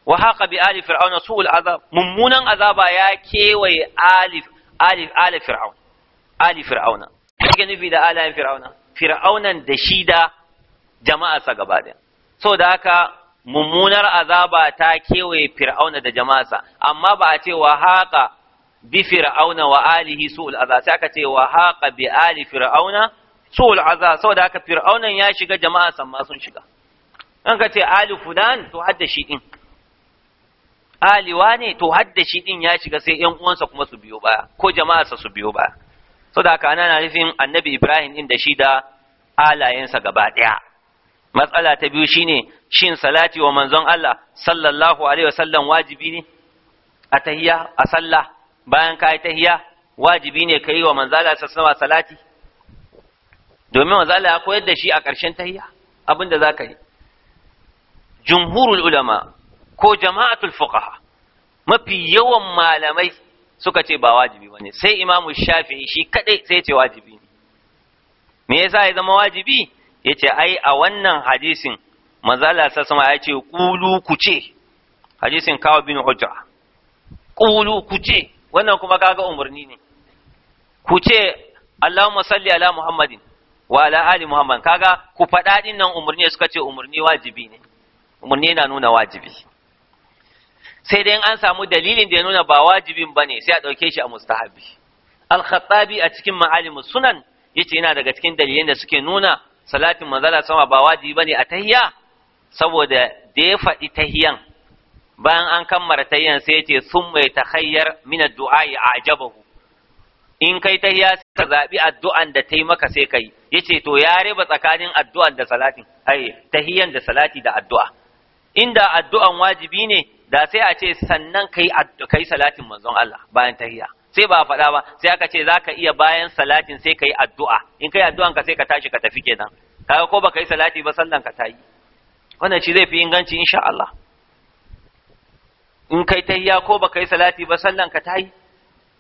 وحاق بآل فرعون سوء العذاب ممونا عذاب يا كيوي آل آل آل فرعون آل فرعون كيف نفي دا آل فرعون فرعون دشيدا جماعة سقبادا سو داكا mummunar azaba ta kewaye fir'auna da jama'arsa amma ba a ce wa haqa bi fir'auna wa alihi su'ul azab sai aka ce wa haqa bi ali fir'auna su'ul azab saboda haka fir'aunan ya shiga jama'a samma sun shiga an ka ce ali fulan to hadda shi din ali ne to hadda shi din ya shiga sai yan uwansa kuma su biyo baya ko jama'arsa su biyo baya saboda haka ana na nufin annabi ibrahim din da shi da alayensa gaba daya matsala ta biyu shine shin salati wa manzon Allah sallallahu alaihi wasallam wajibi ne a tahiya a sallah bayan ka yi wajibi ne ka yi wa manzala sallallahu alaihi salati domin manzo Allah ya koyar da shi a ƙarshen tahiyya abinda zaka yi jumhurul ulama ko jama'atul fuqaha mafi yawan malamai suka ce ba wajibi bane sai imamu shafi'i shi kadai sai ce wajibi ne me yasa ya zama wajibi yace ai a wannan hadisin manzo Allah sallallahu ya ce qulu ku ce hadisin kawo bin hujja qulu ku ce wannan kuma kaga umurni ne ku ce Allahumma salli ala Muhammadin wa ala ali muhammad kaga ku faɗa nan umarni suka ce umarni wajibi ne umarni yana nuna wajibi sai dai an samu dalilin da ya nuna ba wajibin ne sai a ɗauke shi a mustahabi al-khattabi a cikin ma'alimu sunan yace yana daga cikin dalilan da suke nuna salatin manzala sama ba wajibi bane a tahiyya saboda da ya faɗi tahiyan bayan an kammala tahiyan sai yace mai yatakhayyar min ad-du'a ajabahu in kai tahiya sai ka zaɓi addu'an da ta yi maka sai kai ce to ya raba tsakanin addu'an da salatin ai hiyan da salati da addu'a inda addu'an wajibi ne da sai a ce sannan kai kai salatin manzon Allah bayan tahiya sai ba a faɗa ba sai aka ce za ka iya bayan salatin sai kai addu'a in kai addu'an ka sai ka tashi ka tafi kenan kaga ko baka yi salati ba sallan ka tayi wannan shi zai fi inganci insha Allah in kai tahiya ko baka yi salati ba sallan ka tayi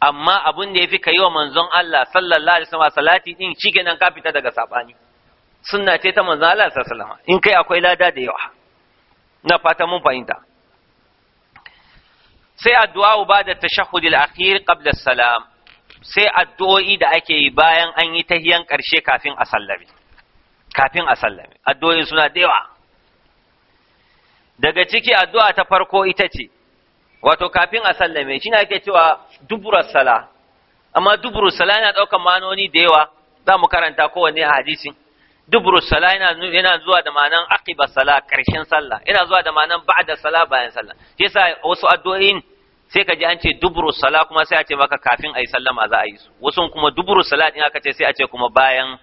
amma abun da fi kayi wa manzon Allah sallallahu alaihi wasallam salati din shikenan ka fita daga sabani sunna ce ta manzon Allah sallallahu alaihi wasallam in kai akwai lada da yawa na fata mun fahimta sai addu'a ba da tashahhud al-akhir qabla salam sai addu'o'i da ake yi bayan an yi tahiyan karshe kafin a sallame kafin a sallame addu'o'i suna da yawa daga ciki addu'a ta farko ita ce wato kafin a sallame shi ake cewa dubura sala amma dubura sala yana ɗaukar manoni da yawa za mu karanta kowane a hadisin dubura sala yana zuwa da ma'anan aqiba sala ƙarshen sallah yana zuwa da ma'anan ba'da sala bayan sallah shi yasa wasu addu'o'in sai ka ji an ce dubura sala kuma sai a ce maka kafin a yi sallama za a yi su wasu kuma dubura sala din aka ce sai a ce kuma bayan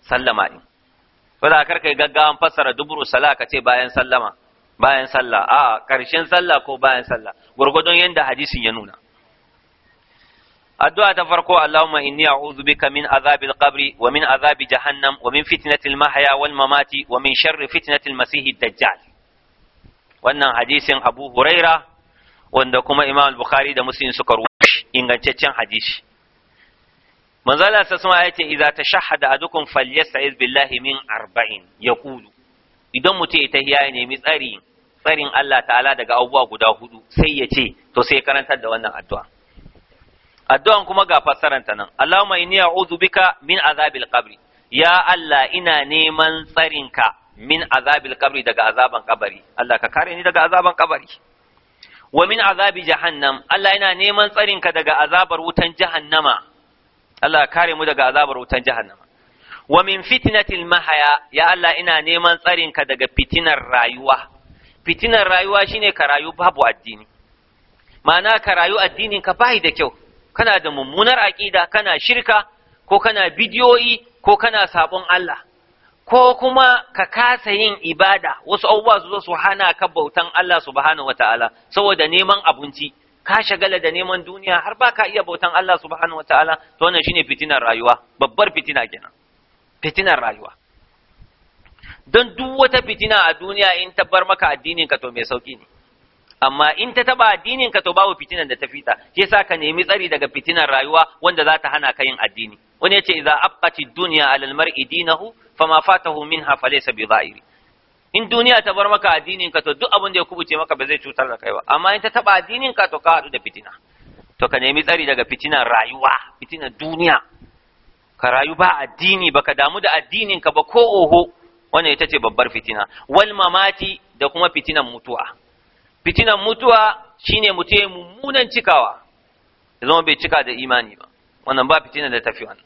sallama din to karka yi gaggawan fassara dubura sala ka ce bayan sallama bayan sallah a ƙarshen sallah ko bayan sallah gurgudun yadda hadisin ya nuna addu'a ta farko Allahumma inni a'udhu bika min azabil qabri wa min azabi jahannam wa min fitnatil mahya wal mamati wa min sharri fitnatil masihi dajjal wannan hadisin Abu Huraira wanda kuma Imam Bukhari da Muslim suka rubuta ingantaccen hadisi manzala sa sun ayace idza tashahhada adukum falyastaiz billahi min arba'in yaqulu idan mutum ya tahiya ya nemi tsari tsarin Allah ta'ala daga abubuwa guda hudu sai ya ce to sai karantar da wannan addu'a addu'an kuma ga fassaranta nan Allahumma inni a'udhu bika min azabil qabri ya Allah ina neman tsarinka min azabil qabri daga azaban kabari Allah ka kare ni daga azaban kabari wa min azabi jahannam Allah ina neman tsarinka daga azabar wutan jahannama Allah kare mu daga azabar wutan jahannama wa min fitnatil mahaya ya Allah ina neman tsarin ka daga fitinar rayuwa fitinar rayuwa shine ka rayu babu addini mana ka rayu addinin ka bai da kyau kana da mummunar aqida kana shirka ko kana bidiyoyi ko kana sabon Allah ko kuma ka kasa yin ibada wasu abubuwa su zo su hana ka bautan Allah subhanahu wataala saboda neman abinci ka shagala da neman duniya har ba ka iya bautan Allah subhanahu wataala to wannan shine fitinar rayuwa babbar fitina kenan Fitina rayuwa don duk wata fitina a duniya in ta bar maka addinin ka to mai sauki ne amma in ta taba addinin ka to babu fitinan da ta fita ke sa ka nemi tsari daga fitinan rayuwa wanda za ta hana ka yin addini wani yace idza abqati dunya alal mar'i dinahu fama fatahu minha falaysa bi dha'iri in duniya ta bar maka addinin ka to duk abin da ya kubuce maka ba zai cutar da kai ba amma in ta taba addinin ka to ka hadu da fitina to ka nemi tsari daga fitinan rayuwa fitinan duniya ka rayu ba addini baka damu da addinin ka ba ko oho wannan ita ce babbar fitina wal mamati da kuma fitinan mutuwa fitinan mutuwa shine mutum ya mummunan cikawa ya zama bai cika da imani ba wannan ba fitinan da tafi wannan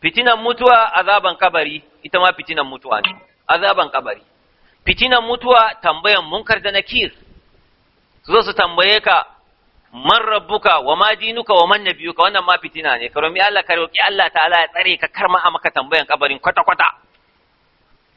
fitinan mutuwa azaban kabari ita ma fitinan mutuwa ne azaban kabari fitinan mutuwa tambayan munkar da nakir zo su tambaye ka man rabbuka wa ma dinuka wa man nabiyuka wannan ma fitina ne ka romi Allah ka roki Allah ta'ala ya tsare ka kar ma maka tambayan kabarin kwata kwata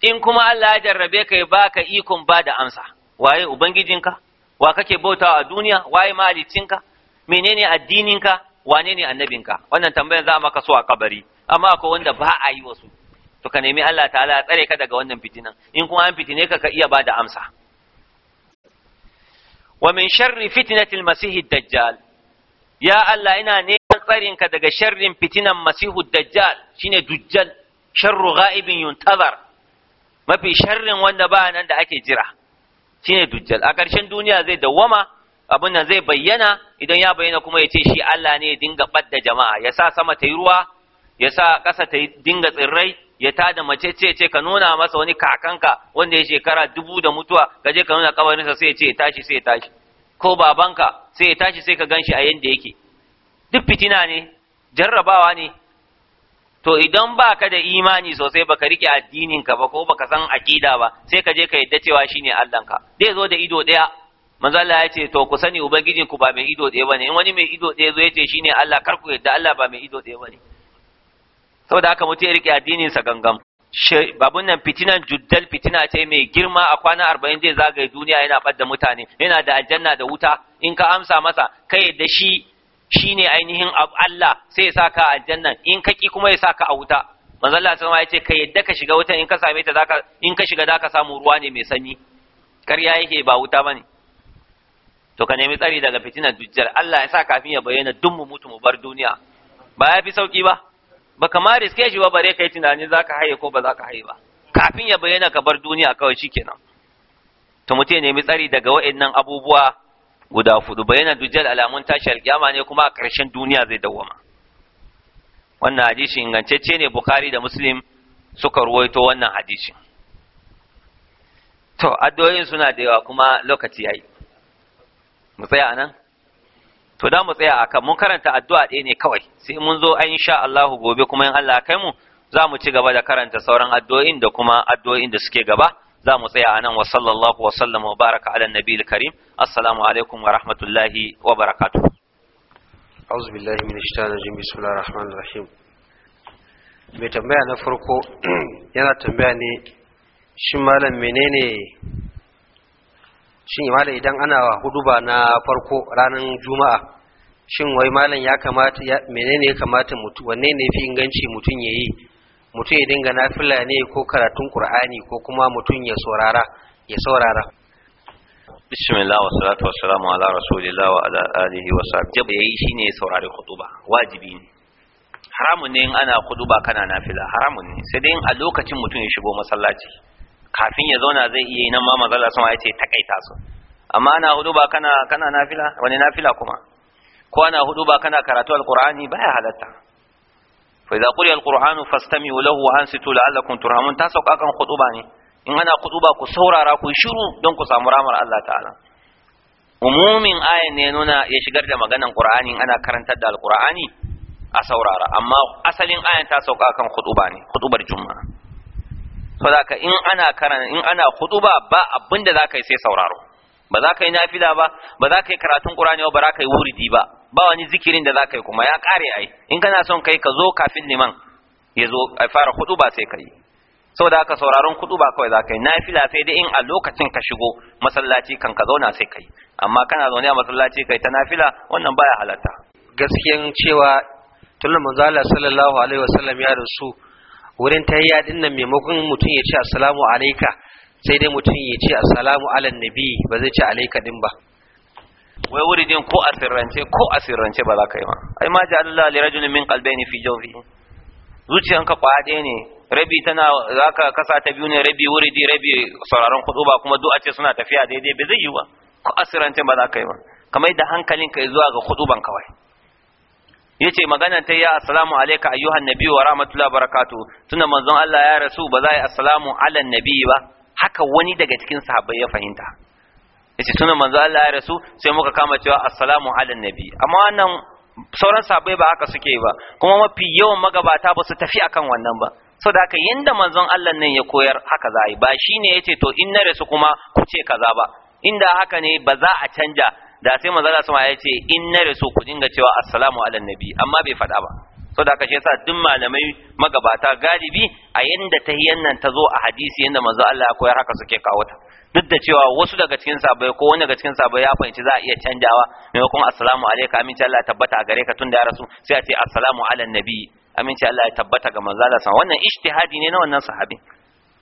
in kuma Allah ya jarrabe ka ya baka ikon ba da amsa waye ubangijinka wa kake bauta a duniya waye malicinka menene addininka wane ne annabinka wannan tambayan za a maka so a kabari amma ko wanda ba a yi wasu to ka nemi Allah ta'ala ya tsare ka daga wannan fitinan in kuma an fitine ka ka iya ba da amsa wa min sharri fitnatil masihid dajjal ya Allah ina neman ka daga sharrin fitinan masihud dajjal shine dujjal sharru ghaibin yuntazar mafi sharrin wanda ba nan da ake jira shine dujjal a ƙarshen duniya zai dawwama abin nan zai bayyana idan ya bayyana kuma ya ce shi Allah ne ya dinga badda jama'a ya sa sama ta yi ruwa ya sa ƙasa ta dinga tsirrai ya tada mace ce ce ka nuna masa wani kakanka wanda ya shekara dubu da mutuwa ka je ka nuna kabarinsa sai ya ce ya tashi sai ya tashi ko babanka sai ya tashi sai ka ganshi a yanda yake duk fitina ne jarrabawa ne to idan baka da imani sosai baka rike addinin ka ba ko baka san aqida ba sai ka je ka yadda cewa shine Allah ka zai zo da ido daya manzo Allah ya ce to ku sani ubangijin ku ba mai ido daya bane in wani mai ido daya zo ya ce shine Allah kar ku yadda Allah ba mai ido daya bane saboda haka mutum ya rike sa gangan babun nan fitinan juddal fitina ce mai girma a kwana arba'in zai zagaye duniya yana ɓadda mutane yana da aljanna da wuta in ka amsa masa kai da shi shine ainihin Allah sai ya saka aljanna in ka ki kuma ya ka a wuta manzo Allah ya ce kai yadda ka shiga wutan in ka same ta zaka in ka shiga zaka samu ruwa ne mai sanyi karya yake ba wuta bane to ka nemi tsari daga fitinan dujjar Allah ya sa kafin ya bayyana duk mu mutu mu bar duniya ba ya fi sauki ba baka ma riske shi ba bare kai tunani zaka haye ko ba ka haye ba kafin ya bayyana ka bar duniya kawai shikenan to mutum ya nemi tsari daga wa'annan abubuwa guda hudu bayyana dujjal alamun tashi alkiyama ne kuma a ƙarshen duniya zai dawwama wannan hadisi ingantacce ne bukhari da muslim suka ruwaito wannan hadisi to addu'o'in suna da yawa kuma lokaci yayi mu tsaya anan to da mu tsaya akan mun karanta addu'a ɗaya ne kawai sai mun zo an sha Allahu gobe kuma in Allah kai mu za mu ci gaba da karanta sauran addu'o'in da kuma addu'o'in da suke gaba za mu tsaya anan wa sallallahu wa sallama wa baraka ala nabiyil karim assalamu alaikum wa rahmatullahi wa barakatuh a'udhu billahi minash الشيطان الرجيم بسم الله الرحمن mai tambaya na farko *clears throat* yana tambaya ne shi malam menene shin malam idan ana huduba na farko ranar juma'a shin wai malam ya kamata menene ya kamata mutu wanne ne fi inganci mutum ya yi mutum ya dinga nafila ne ko karatun qur'ani ko kuma mutum ya saurara ya saurara bismillah wa salatu wa salamu ala rasulillah wa ala alihi wa sahbihi ya shine saurari khutuba wajibi ne haramun ne in ana khutuba kana nafila haramun ne sai dai a lokacin mutum ya shigo masallaci kafin ya zauna zai iya yi nan ma manzala sama ya ce takaita su amma ana hudu ba kana kana nafila wani nafila kuma ko ana hudu ba kana karatu alqur'ani baya halatta fa idza quriya alqur'anu fastami'u lahu wa ansitu la'allakum turhamun ta sauka kan khutuba ne in ana khutuba ku saurara ku shiru don ku samu ramar Allah ta'ala umumin ayan ne nuna ya shigar da maganan qur'ani ana karantar da alqur'ani a saurara amma asalin ayan ta sauka kan khutuba ne khutubar juma'a saboda in ana karanta in ana khutuba ba abinda zaka yi sai sauraro ba za ka yi nafila ba ba za ka yi karatun qur'ani ba za ka yi wuridi ba ba wani zikirin da za ka yi kuma ya kare ai in kana son kai ka zo kafin liman ya zo a fara khutuba sai ka yi saboda haka sauraron khutuba kawai za ka yi nafila sai dai in a lokacin ka shigo masallaci kan ka zauna sai ka yi amma kana zaune a masallaci kai ta nafila wannan baya halatta gaskiyan cewa tun manzo Allah sallallahu alaihi wasallam ya rasu wurin tahiyya din nan maimakon mutum ya ce assalamu alaika sai dai mutum ya ce assalamu ala nabi ba zai ce alaika din ba wai wuri din ko a sirrance ko a sirrance ba za ka yi ma ai ma ja Allah li rajulin min qalbayni fi jawfi zuciyanka kwaya ne rabi tana zaka kasa ta biyu ne rabi wuridi rabi sauraron kudu ba kuma du'a ce suna tafiya daidai ba zai yi ba ko a sirrance ba za ka yi ba kamar da hankalinka ya zuwa ga kudu ban kawai yace magana ta ya assalamu alayka ayyuhan nabi wa rahmatullahi wa barakatuh tunda manzon Allah ya rasu ba za yi assalamu ala nabi ba haka wani daga cikin sahabbai ya fahimta yace tunda manzon Allah ya rasu sai muka kama cewa assalamu ala nabi amma wannan sauran sahabbai ba haka suke ba kuma mafi yawan magabata ba su tafi akan wannan ba saboda haka yanda manzon Allah nan ya koyar haka za a yi ba shine yace to in na rasu kuma ku ce kaza ba inda haka ne ba za a canja da sai manzo Allah sama ya ce in na rasu ku dinga cewa assalamu ala nabi amma bai faɗa ba so da kace yasa duk malamai magabata galibi a yanda tahiyyan nan ta zo a hadisi yanda manzo Allah ya koyar haka suke kawo ta duk da cewa wasu daga cikin sabai ko wani daga cikin sabai ya fahimci za a iya canjawa maimakon assalamu alayka aminci Allah ya tabbata a gare ka tunda ya rasu sai a ce assalamu ala nabi aminci Allah ya tabbata ga manzo Allah wannan ijtihadi ne na wannan sahabi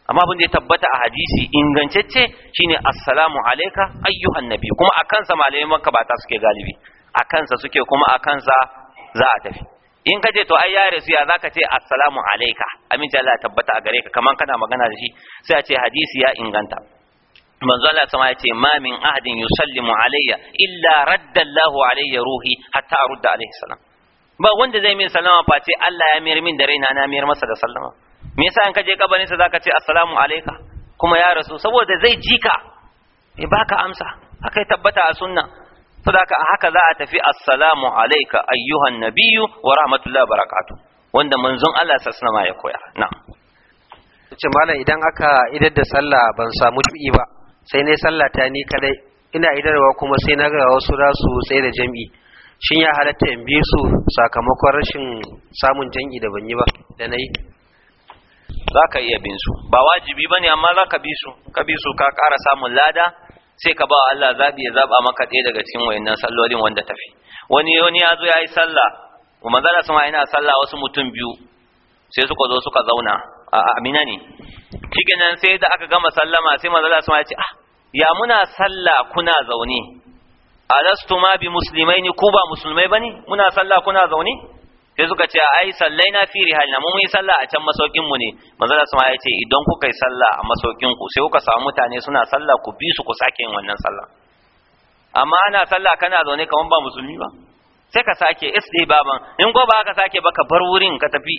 amma abin da ya tabbata a hadisi ingantacce shine assalamu alayka ayyuhan nabi kuma a kansa malamai makka ba ta suke galibi a kansa suke kuma a kansa za a tafi in ka ce to ai yare su ya zaka ce assalamu alayka aminci Allah ya tabbata a gare ka kaman kana magana da shi sai a ce hadisi ya inganta manzo Allah sama ya ce ma min ahadin yusallimu alayya illa radda Allahu alayya ruhi hatta arudda alayhi salam ba wanda zai min salama face Allah ya mayar min da raina na mayar masa da sallama me yasa in ka je kabarin sa zaka ce assalamu alayka kuma ya rasu saboda zai jika ya baka amsa akai tabbata a sunna a haka za a tafi assalamu alayka ayyuhan nabiyyu wa rahmatullahi wa barakatuh wanda manzon Allah sallallahu alaihi ya koya na'am ce malam idan aka idar da sallah ban samu tu'i ba sai ne sallah ta ni kadai ina idarwa kuma sai na ga wasu rasu sai da jami'i, shin ya halatta in bi su sakamakon rashin samun jami'i da ban yi ba da nayi za ka iya bin su ba wajibi ba ne amma za ka bi su ka bi su ka ƙara samun lada sai ka ba wa Allah zaɓi ya zaɓa maka ɗaya daga cikin wayannan sallolin wanda tafi wani wani ya zo ya yi sallah kuma zara sun yana sallah wasu mutum biyu sai suka zo suka zauna a amina ne nan sai da aka gama sallama sai manzala sun ya ce ah ya muna sallah kuna zaune alastu ma bi musulmai ne, ku ba musulmai bane muna sallah kuna zaune sai suka ce ai sallai na fi rihalina mu mun yi sallah a can masaukin mu ne manzo da sama ya ce idan kuka yi sallah a masaukin ku sai kuka samu mutane suna sallah ku bi su ku sake yin wannan sallah amma ana sallah kana zaune kaman ba musulmi ba sai ka sake isdai baban in ko ba ka sake ba ka bar wurin ka tafi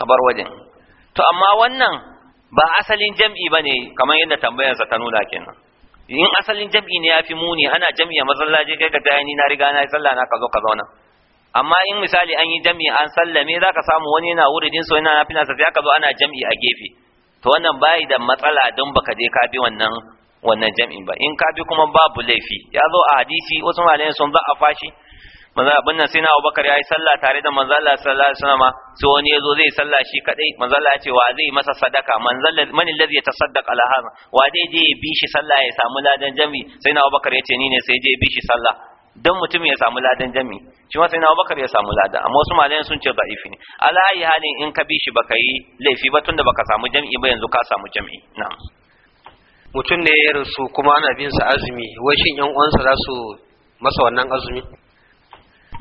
ka bar wajen to amma wannan ba asalin jam'i bane kamar yadda tambayarsa ta nuna kenan in asalin jam'i ne ya fi muni ana jam'i a masallaci kai ka tayani na riga na yi sallah na ka zo ka zauna amma in misali an yi jam'i an sallame za ka samu wani yana wuridin so yana nafila sai aka zo ana jam'i a gefe to wannan bai da matsala don baka je ka bi wannan wannan jam'in ba in ka bi kuma babu laifi ya zo a hadisi wasu malamai sun za a fashi manzo abin nan sai na Abubakar yayi sallah tare da manzo Allah sallallahu alaihi wasallam sai wani yazo zai sallah shi kadai manzo Allah ya ce wa zai masa sadaka manzo man alladhi yatasaddaq ala hadha wa dai je bi shi sallah ya samu ladan jami sai na Abubakar ya ce ni ne sai je bi shi sallah don mutum ya samu ladan jami shi ma sai na bakar ya samu ladan amma wasu malayan sun ce da'ifi ne ala ayi halin in ka bi shi baka yi laifi ba tunda baka samu jami'i ba yanzu ka samu jami'i na mutum ne ya rasu kuma ana bin sa azumi wai shin yan uwansa za su masa wannan azumi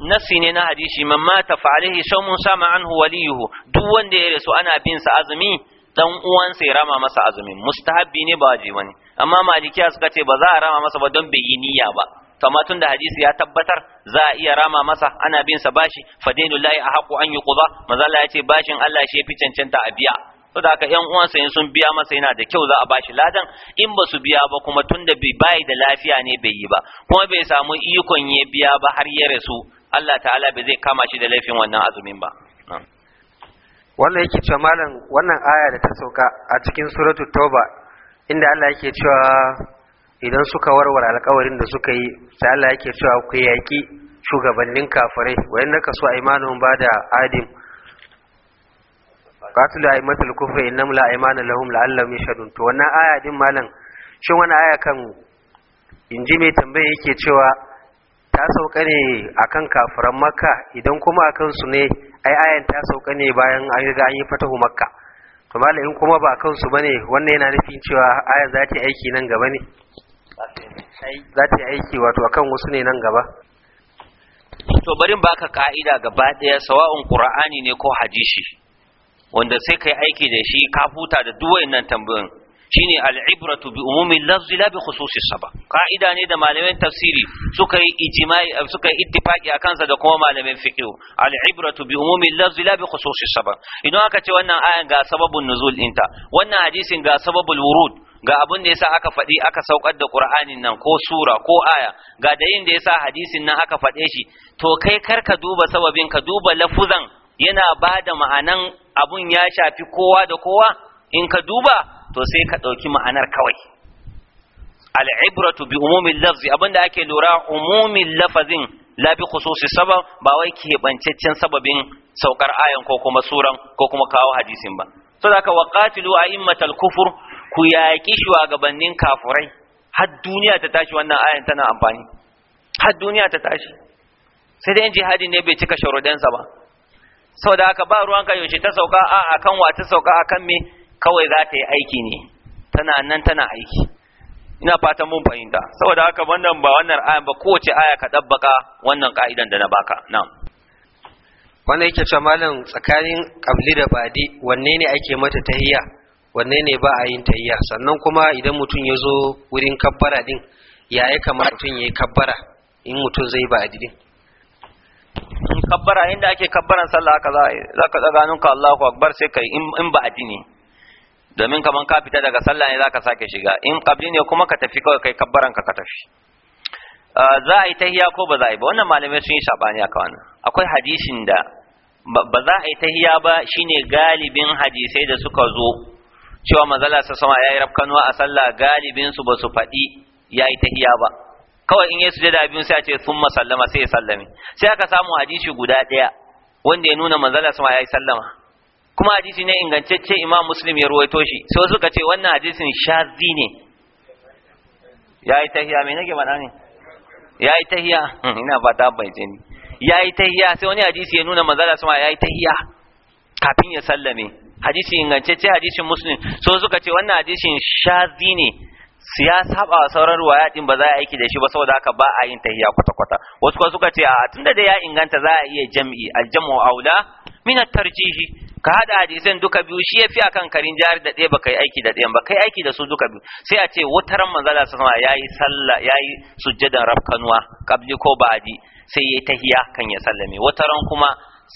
nasi ne na hadisi man mata fa alaihi sama anhu waliyuhu duk wanda ya rasu ana bin sa azumi dan uwansa ya rama masa azumin mustahabbi ne ba wajibi ne amma malikiya suka ce ba za a rama masa ba don bai yi niyya ba Kama tun da hadisi ya tabbatar za a iya rama masa ana bin sa bashi a ahaqu an yuqda Maza Allah ya ce bashin Allah shi fi cancanta a biya saboda haka ƴan uwansa in sun biya masa yana da kyau za a bashi ladan in ba su biya ba kuma tunda bai bai da lafiya ne bai yi ba kuma bai samu ikon ya biya ba har ya rasu Allah ta'ala bai zai kama shi da laifin wannan azumin ba wannan yake cewa malam wannan aya da ta sauka a cikin suratul tauba inda Allah yake cewa idan suka warware alkawarin da suka yi sai Allah yake cewa ku yaki shugabannin kafirai wayan naka su aimanuhum bada adim qatilu aimatul kufri innam la aymana lahum la'allam yashadun to wannan aya din malam shin wannan aya kan inji mai tambaya yake cewa ta sauka ne akan kafiran makka idan kuma akan su ne ai ayan ta sauka ne bayan an riga an yi fatahu makka to in kuma ba akan su bane wannan yana nufin cewa ayan za ta aiki nan gaba ne za ta yi aiki wato akan wasu ne nan gaba to barin baka ka'ida gaba daya sawa'un qur'ani ne ko hadisi wanda sai kai aiki da shi ka huta da duk wayannan tambayoyin shine al-ibratu bi umumi lafzi la bi khususi saba ka'ida ne da malamin tafsiri suka yi ijma'i suka yi ittifaqi akan sa da kuma malamin fiqh al-ibratu bi umumi lafzi la bi khususi saba idan aka ce wannan ayan ga sababun nuzul inta wannan hadisin ga sababul wurud ga abin da yasa aka faɗi aka saukar da ƙur'anin nan ko sura ko aya ga dalilin da yasa hadisin nan aka faɗe shi to kai kar ka duba sababin ka duba lafuzan yana ba da ma'anan abun ya shafi kowa da kowa in ka duba to sai ka ɗauki ma'anar kawai al'ibratu bi umumin lafzi abinda ake lura umumin lafazin la bi khususi sabab ba wai keɓancaccen sababin saukar ayan ko kuma suran ko kuma kawo hadisin ba saboda wa waqatilu a'immatal kufur ku yaƙi shugabannin kafurai har duniya ta tashi wannan ayan tana amfani har duniya ta tashi sai dai jihadi ne bai cika sharuɗansa ba saboda haka ba ruwan ka yaushe ta sauka a akan wa ta sauka akan me kawai za ta yi aiki ne tana nan tana aiki ina fatan mun fahimta saboda haka wannan ba wannan ayan ba kowace aya ka dabbaka wannan ka'idan da na baka na'am wannan yake cewa malam tsakanin kamli da badi wanne ne ake mata tahiyya wanne ne ba a yin tayyar sannan kuma idan mutum ya zo wurin kabbara din ya yi kamar mutum ya yi kabbara in mutum zai ba a adidin kabbara inda ake kabbaran sallah haka za ka tsaganin ka Allahu akbar sai kai in ba a dini. domin kaman ka fita daga sallah ne za ka sake shiga in kabli ne kuma ka tafi kawai kai kabbaran ka ka tafi ah, za a yi tahiya ko ba za a yi ba wannan malamai sun yi sabani a kawana akwai hadisin da ba za a yi tahiya ba shine galibin hadisai da suka zo cewa manzala sa sama yi rafkanuwa a sallah galibin su ba su faɗi yi tahiya ba kawai in su jada abin sai a ce sun masallama sai ya sallame sai aka samu hadisi guda ɗaya wanda ya nuna manzala sama yi sallama kuma hadisi ne ingantacce imam muslim ya ruwaito shi sai suka ce wannan hadisin shazi ne Ya yi tahiya me nake mana ne yi tahiya hmm, ina fata bai ni yi tahiya sai wani hadisi ya nuna manzala sama yi tahiya kafin ya sallame hadisi ingantacce hadisin muslim so suka ce wannan hadisin shazi ne ya saba wa sauran ruwaya din ba za a aiki da shi ba saboda haka ba a yin tahiya kwata kwata wasu kuma suka ce a tunda da ya inganta za a iya jam'i aljamu aula min tarjihi ka hada hadisan duka biyu shi yafi akan karin jari da ɗaya ba kai aiki da ɗayan ba kai aiki da su duka biyu sai a ce wataran manzala sa sama yayi sallah yayi sujjadan rafkanuwa kabli ko ba'di sai yayi tahiya kan ya sallame wutaran kuma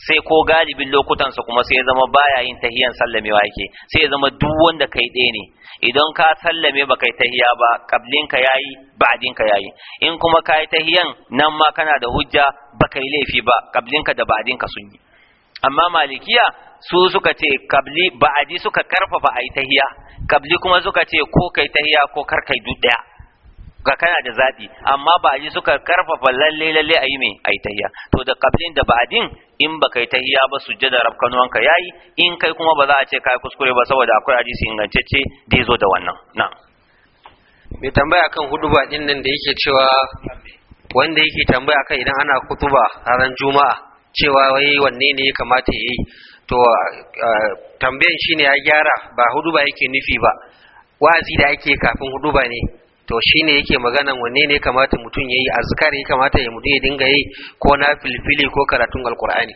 sai ko galibin lokutansa kuma sai ya zama baya yin tahiyan sallamewa yake sai ya zama duk wanda kai ɗaya ne idan ka sallame ba kai tahiya ba kablin ka yayi ba'din ka yayi in kuma kai tahiyan nan ma kana da hujja ba kai laifi ba kablin ka da ba'din ka sun yi amma malikiya su suka ce kabli ba'adi suka karfafa yi tahiya kabli kuma suka ce ko kai tahiya ko kar kai duk ɗaya ga kana da zaɓi amma ba ji suka karfafa lalle lalle a yi mai tahiya. to da kablin da ba'adin in ba kai hiya ba sujjada ya yayi in kai kuma ba za a ce kai kuskure ba saboda akwai hadisi ingantacce da yazo da wannan na mai tambaya akan huduba din nan da yake cewa wanda yake tambaya kan idan ana kutuba ranar juma'a cewa wai wanne ne ya kamata ya yi to tambayan shine ya gyara ba huduba yake nufi ba wa'azi da ake kafin huduba ne to shi ne yake magana wanne ne kamata mutum ya yi azkar ya kamata ya mutum ya dinga yi ko na filfili ko karatun alkur'ani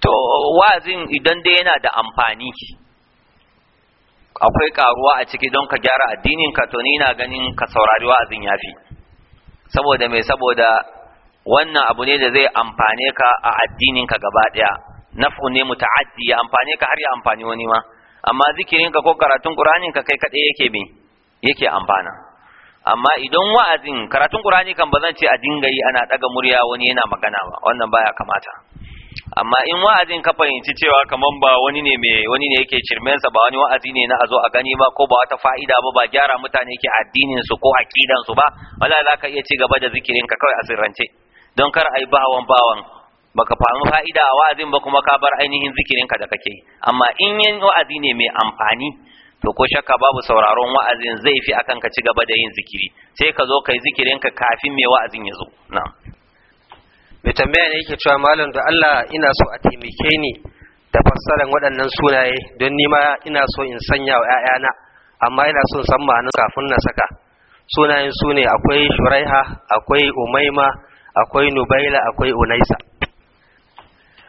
to wazin idan dai yana da amfani akwai karuwa a ciki don ka gyara addinin ka to ni na ganin ka saurari wa'azin yafi saboda mai saboda wannan abu ne da zai amfane ka a addinin ka gaba daya nafu ne muta'addi ya amfane ka har ya amfani wani ma amma zikirin ka ko karatun qur'anin ka kai kadai yake bi yake amfana amma idan wa'azin karatun qur'ani kan bazan zan ce a dinga yi ana daga murya wani yana magana ba wannan baya kamata amma in wa'azin ka fahimci cewa kaman ba wani ne mai wani ne yake cirmensa ba wani wa'azi ne na azo a gani ba ko ba wata fa'ida ba ba gyara mutane ke addinin su ko aqidan su ba wala za ka iya ci gaba da zikirin ka kawai a sirrance don kar ai bawan bawan baka famu fa'ida a wa'azin ba kuma ka bar ainihin zikirin ka da kake amma in yin wa'azi ne mai amfani to ko shakka babu sauraron wa'azin zai fi akan ka ci gaba da yin zikiri sai ka zo kai zikirin ka kafin mai wa'azin ya zo na'am mai tambaya ne yake cewa malam da Allah ina so a taimake ni da fassarar waɗannan sunaye don nima ina so in sanya wa 'ya'yana amma ina so san ma'anar kafin na saka sunayen su ne akwai shuraiha akwai umaima akwai nubaila akwai unaisa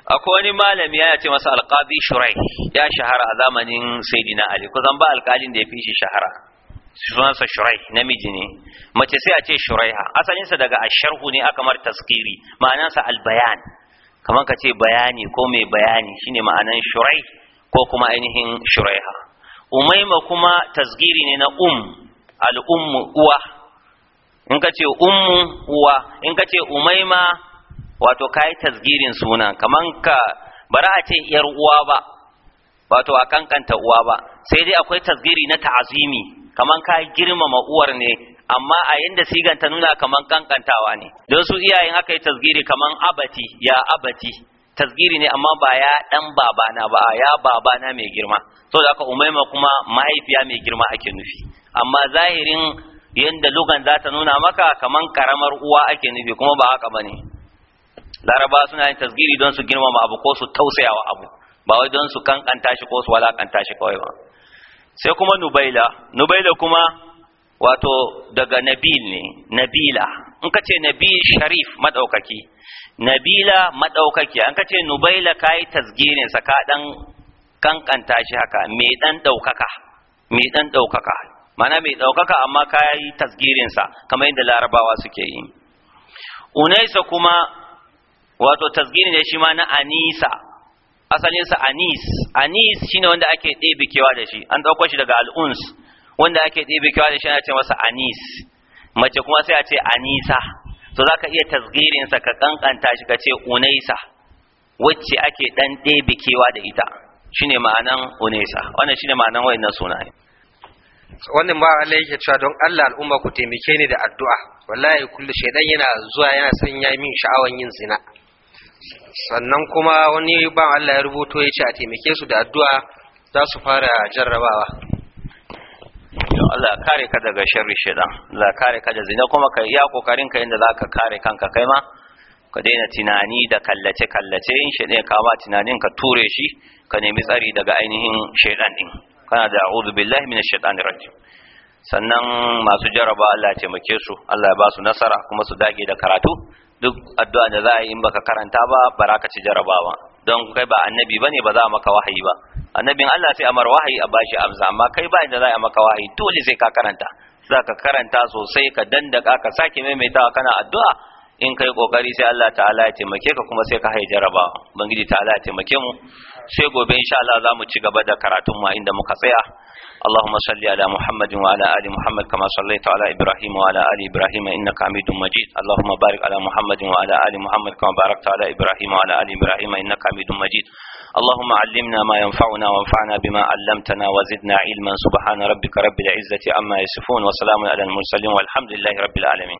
akwai wani malami ya ce masa alqadi shurai ya shahara a zamanin sayyidina ali kusan ba alkalin da ya fi shi shahara sunansa shurai namiji ne mace sai a ce shuraiha sa daga asharhu ne aka mar taskiri ma'anansa albayan kamar ka ce bayani ko mai bayani shine ma'anan shurai ko kuma ainihin shuraiha umaima kuma tasgiri ne na um al'ummu uwa in ka ce ummu uwa in ka ce umaima wato ka yi tasgirin sunan kaman ka bara a ce ‘yar uwa ba wato a kankanta uwa ba sai dai akwai tasgiri na ta'azimi kaman ka girmama uwar ne amma a yanda siganta nuna kaman kankantawa ne don su iyayen aka yi tasgiri kaman abati ya abati tasgiri ne amma ba ya dan babana ba ya babana mai girma da aka umaima kuma mahaifiya mai girma ake nufi amma zahirin yanda lugan za ta nuna maka kamar karamar uwa ake nufi kuma ba haka bane laraba suna yin tasgiri don su girmama abu ko su tausayawa abu ba wai don su kankanta shi ko su walakanta shi kawai ba sai kuma nubaila nubaila kuma wato daga nabil ne nabila in ka ce nabil sharif madaukaki nabila madaukaki An ka ce nubaila kai tasgiri sa ka dan kankanta shi haka mai dan daukaka mai dan daukaka mana mai daukaka amma kai tasgirin sa kamar yadda larabawa suke yi unaisa kuma wato tasgini ne shi ma na anisa asalinsa anis anis shine wanda ake ɗebe kewa da shi an ɗauko shi daga al'uns wanda ake ɗebe kewa da shi ana ce masa anis mace kuma sai a ce anisa to za ka iya tasgirinsa ka kankanta shi ka ce unaisa wacce ake ɗan ɗebe kewa da ita shine ma'anan unaisa wannan shine ma'anan wayannan sunaye wannan ba Allah yake cewa don Allah al'umma ku taimake ni da addu'a wallahi kullu shaydan yana zuwa yana sanya min sha'awan yin zina sannan kuma wani ban Allah ya rubuto ya ce a taimake su da addu'a za su fara jarrabawa Allah kare ka daga sharri shaidan Allah kare ka da zina kuma ka iya kokarin ka inda zaka kare kanka kai ma ka daina tunani da kallace kallace in shaidan ka ba tunanin ka ture shi ka nemi tsari daga ainihin shaidan din kana da a'udhu billahi minash shaitani rajim sannan masu jaraba Allah ya taimake su Allah ya ba su nasara kuma su dage da karatu duk addu'a da za a yi in baka karanta ba baraka ci jarabawa don kai ba annabi bane ba za a maka wahayi ba annabin Allah sai amar wahayi a bashi amsa amma kai ba inda za a maka wahayi dole sai ka karanta za ka karanta sosai ka dandaka ka sake maimaitawa kana addu'a in kai kokari sai Allah ta'ala ya taimake ka kuma sai ka haye jarabawa bangiji ta'ala ya taimake mu sai gobe insha Allah za mu ci gaba da karatun ma inda muka tsaya اللهم صل على محمد وعلى ال محمد كما صليت على ابراهيم وعلى ال ابراهيم انك حميد مجيد اللهم بارك على محمد وعلى ال محمد كما باركت على ابراهيم وعلى ال ابراهيم انك حميد مجيد اللهم علمنا ما ينفعنا وانفعنا بما علمتنا وزدنا علما سبحان ربك رب العزه عما يصفون وسلام على المرسلين والحمد لله رب العالمين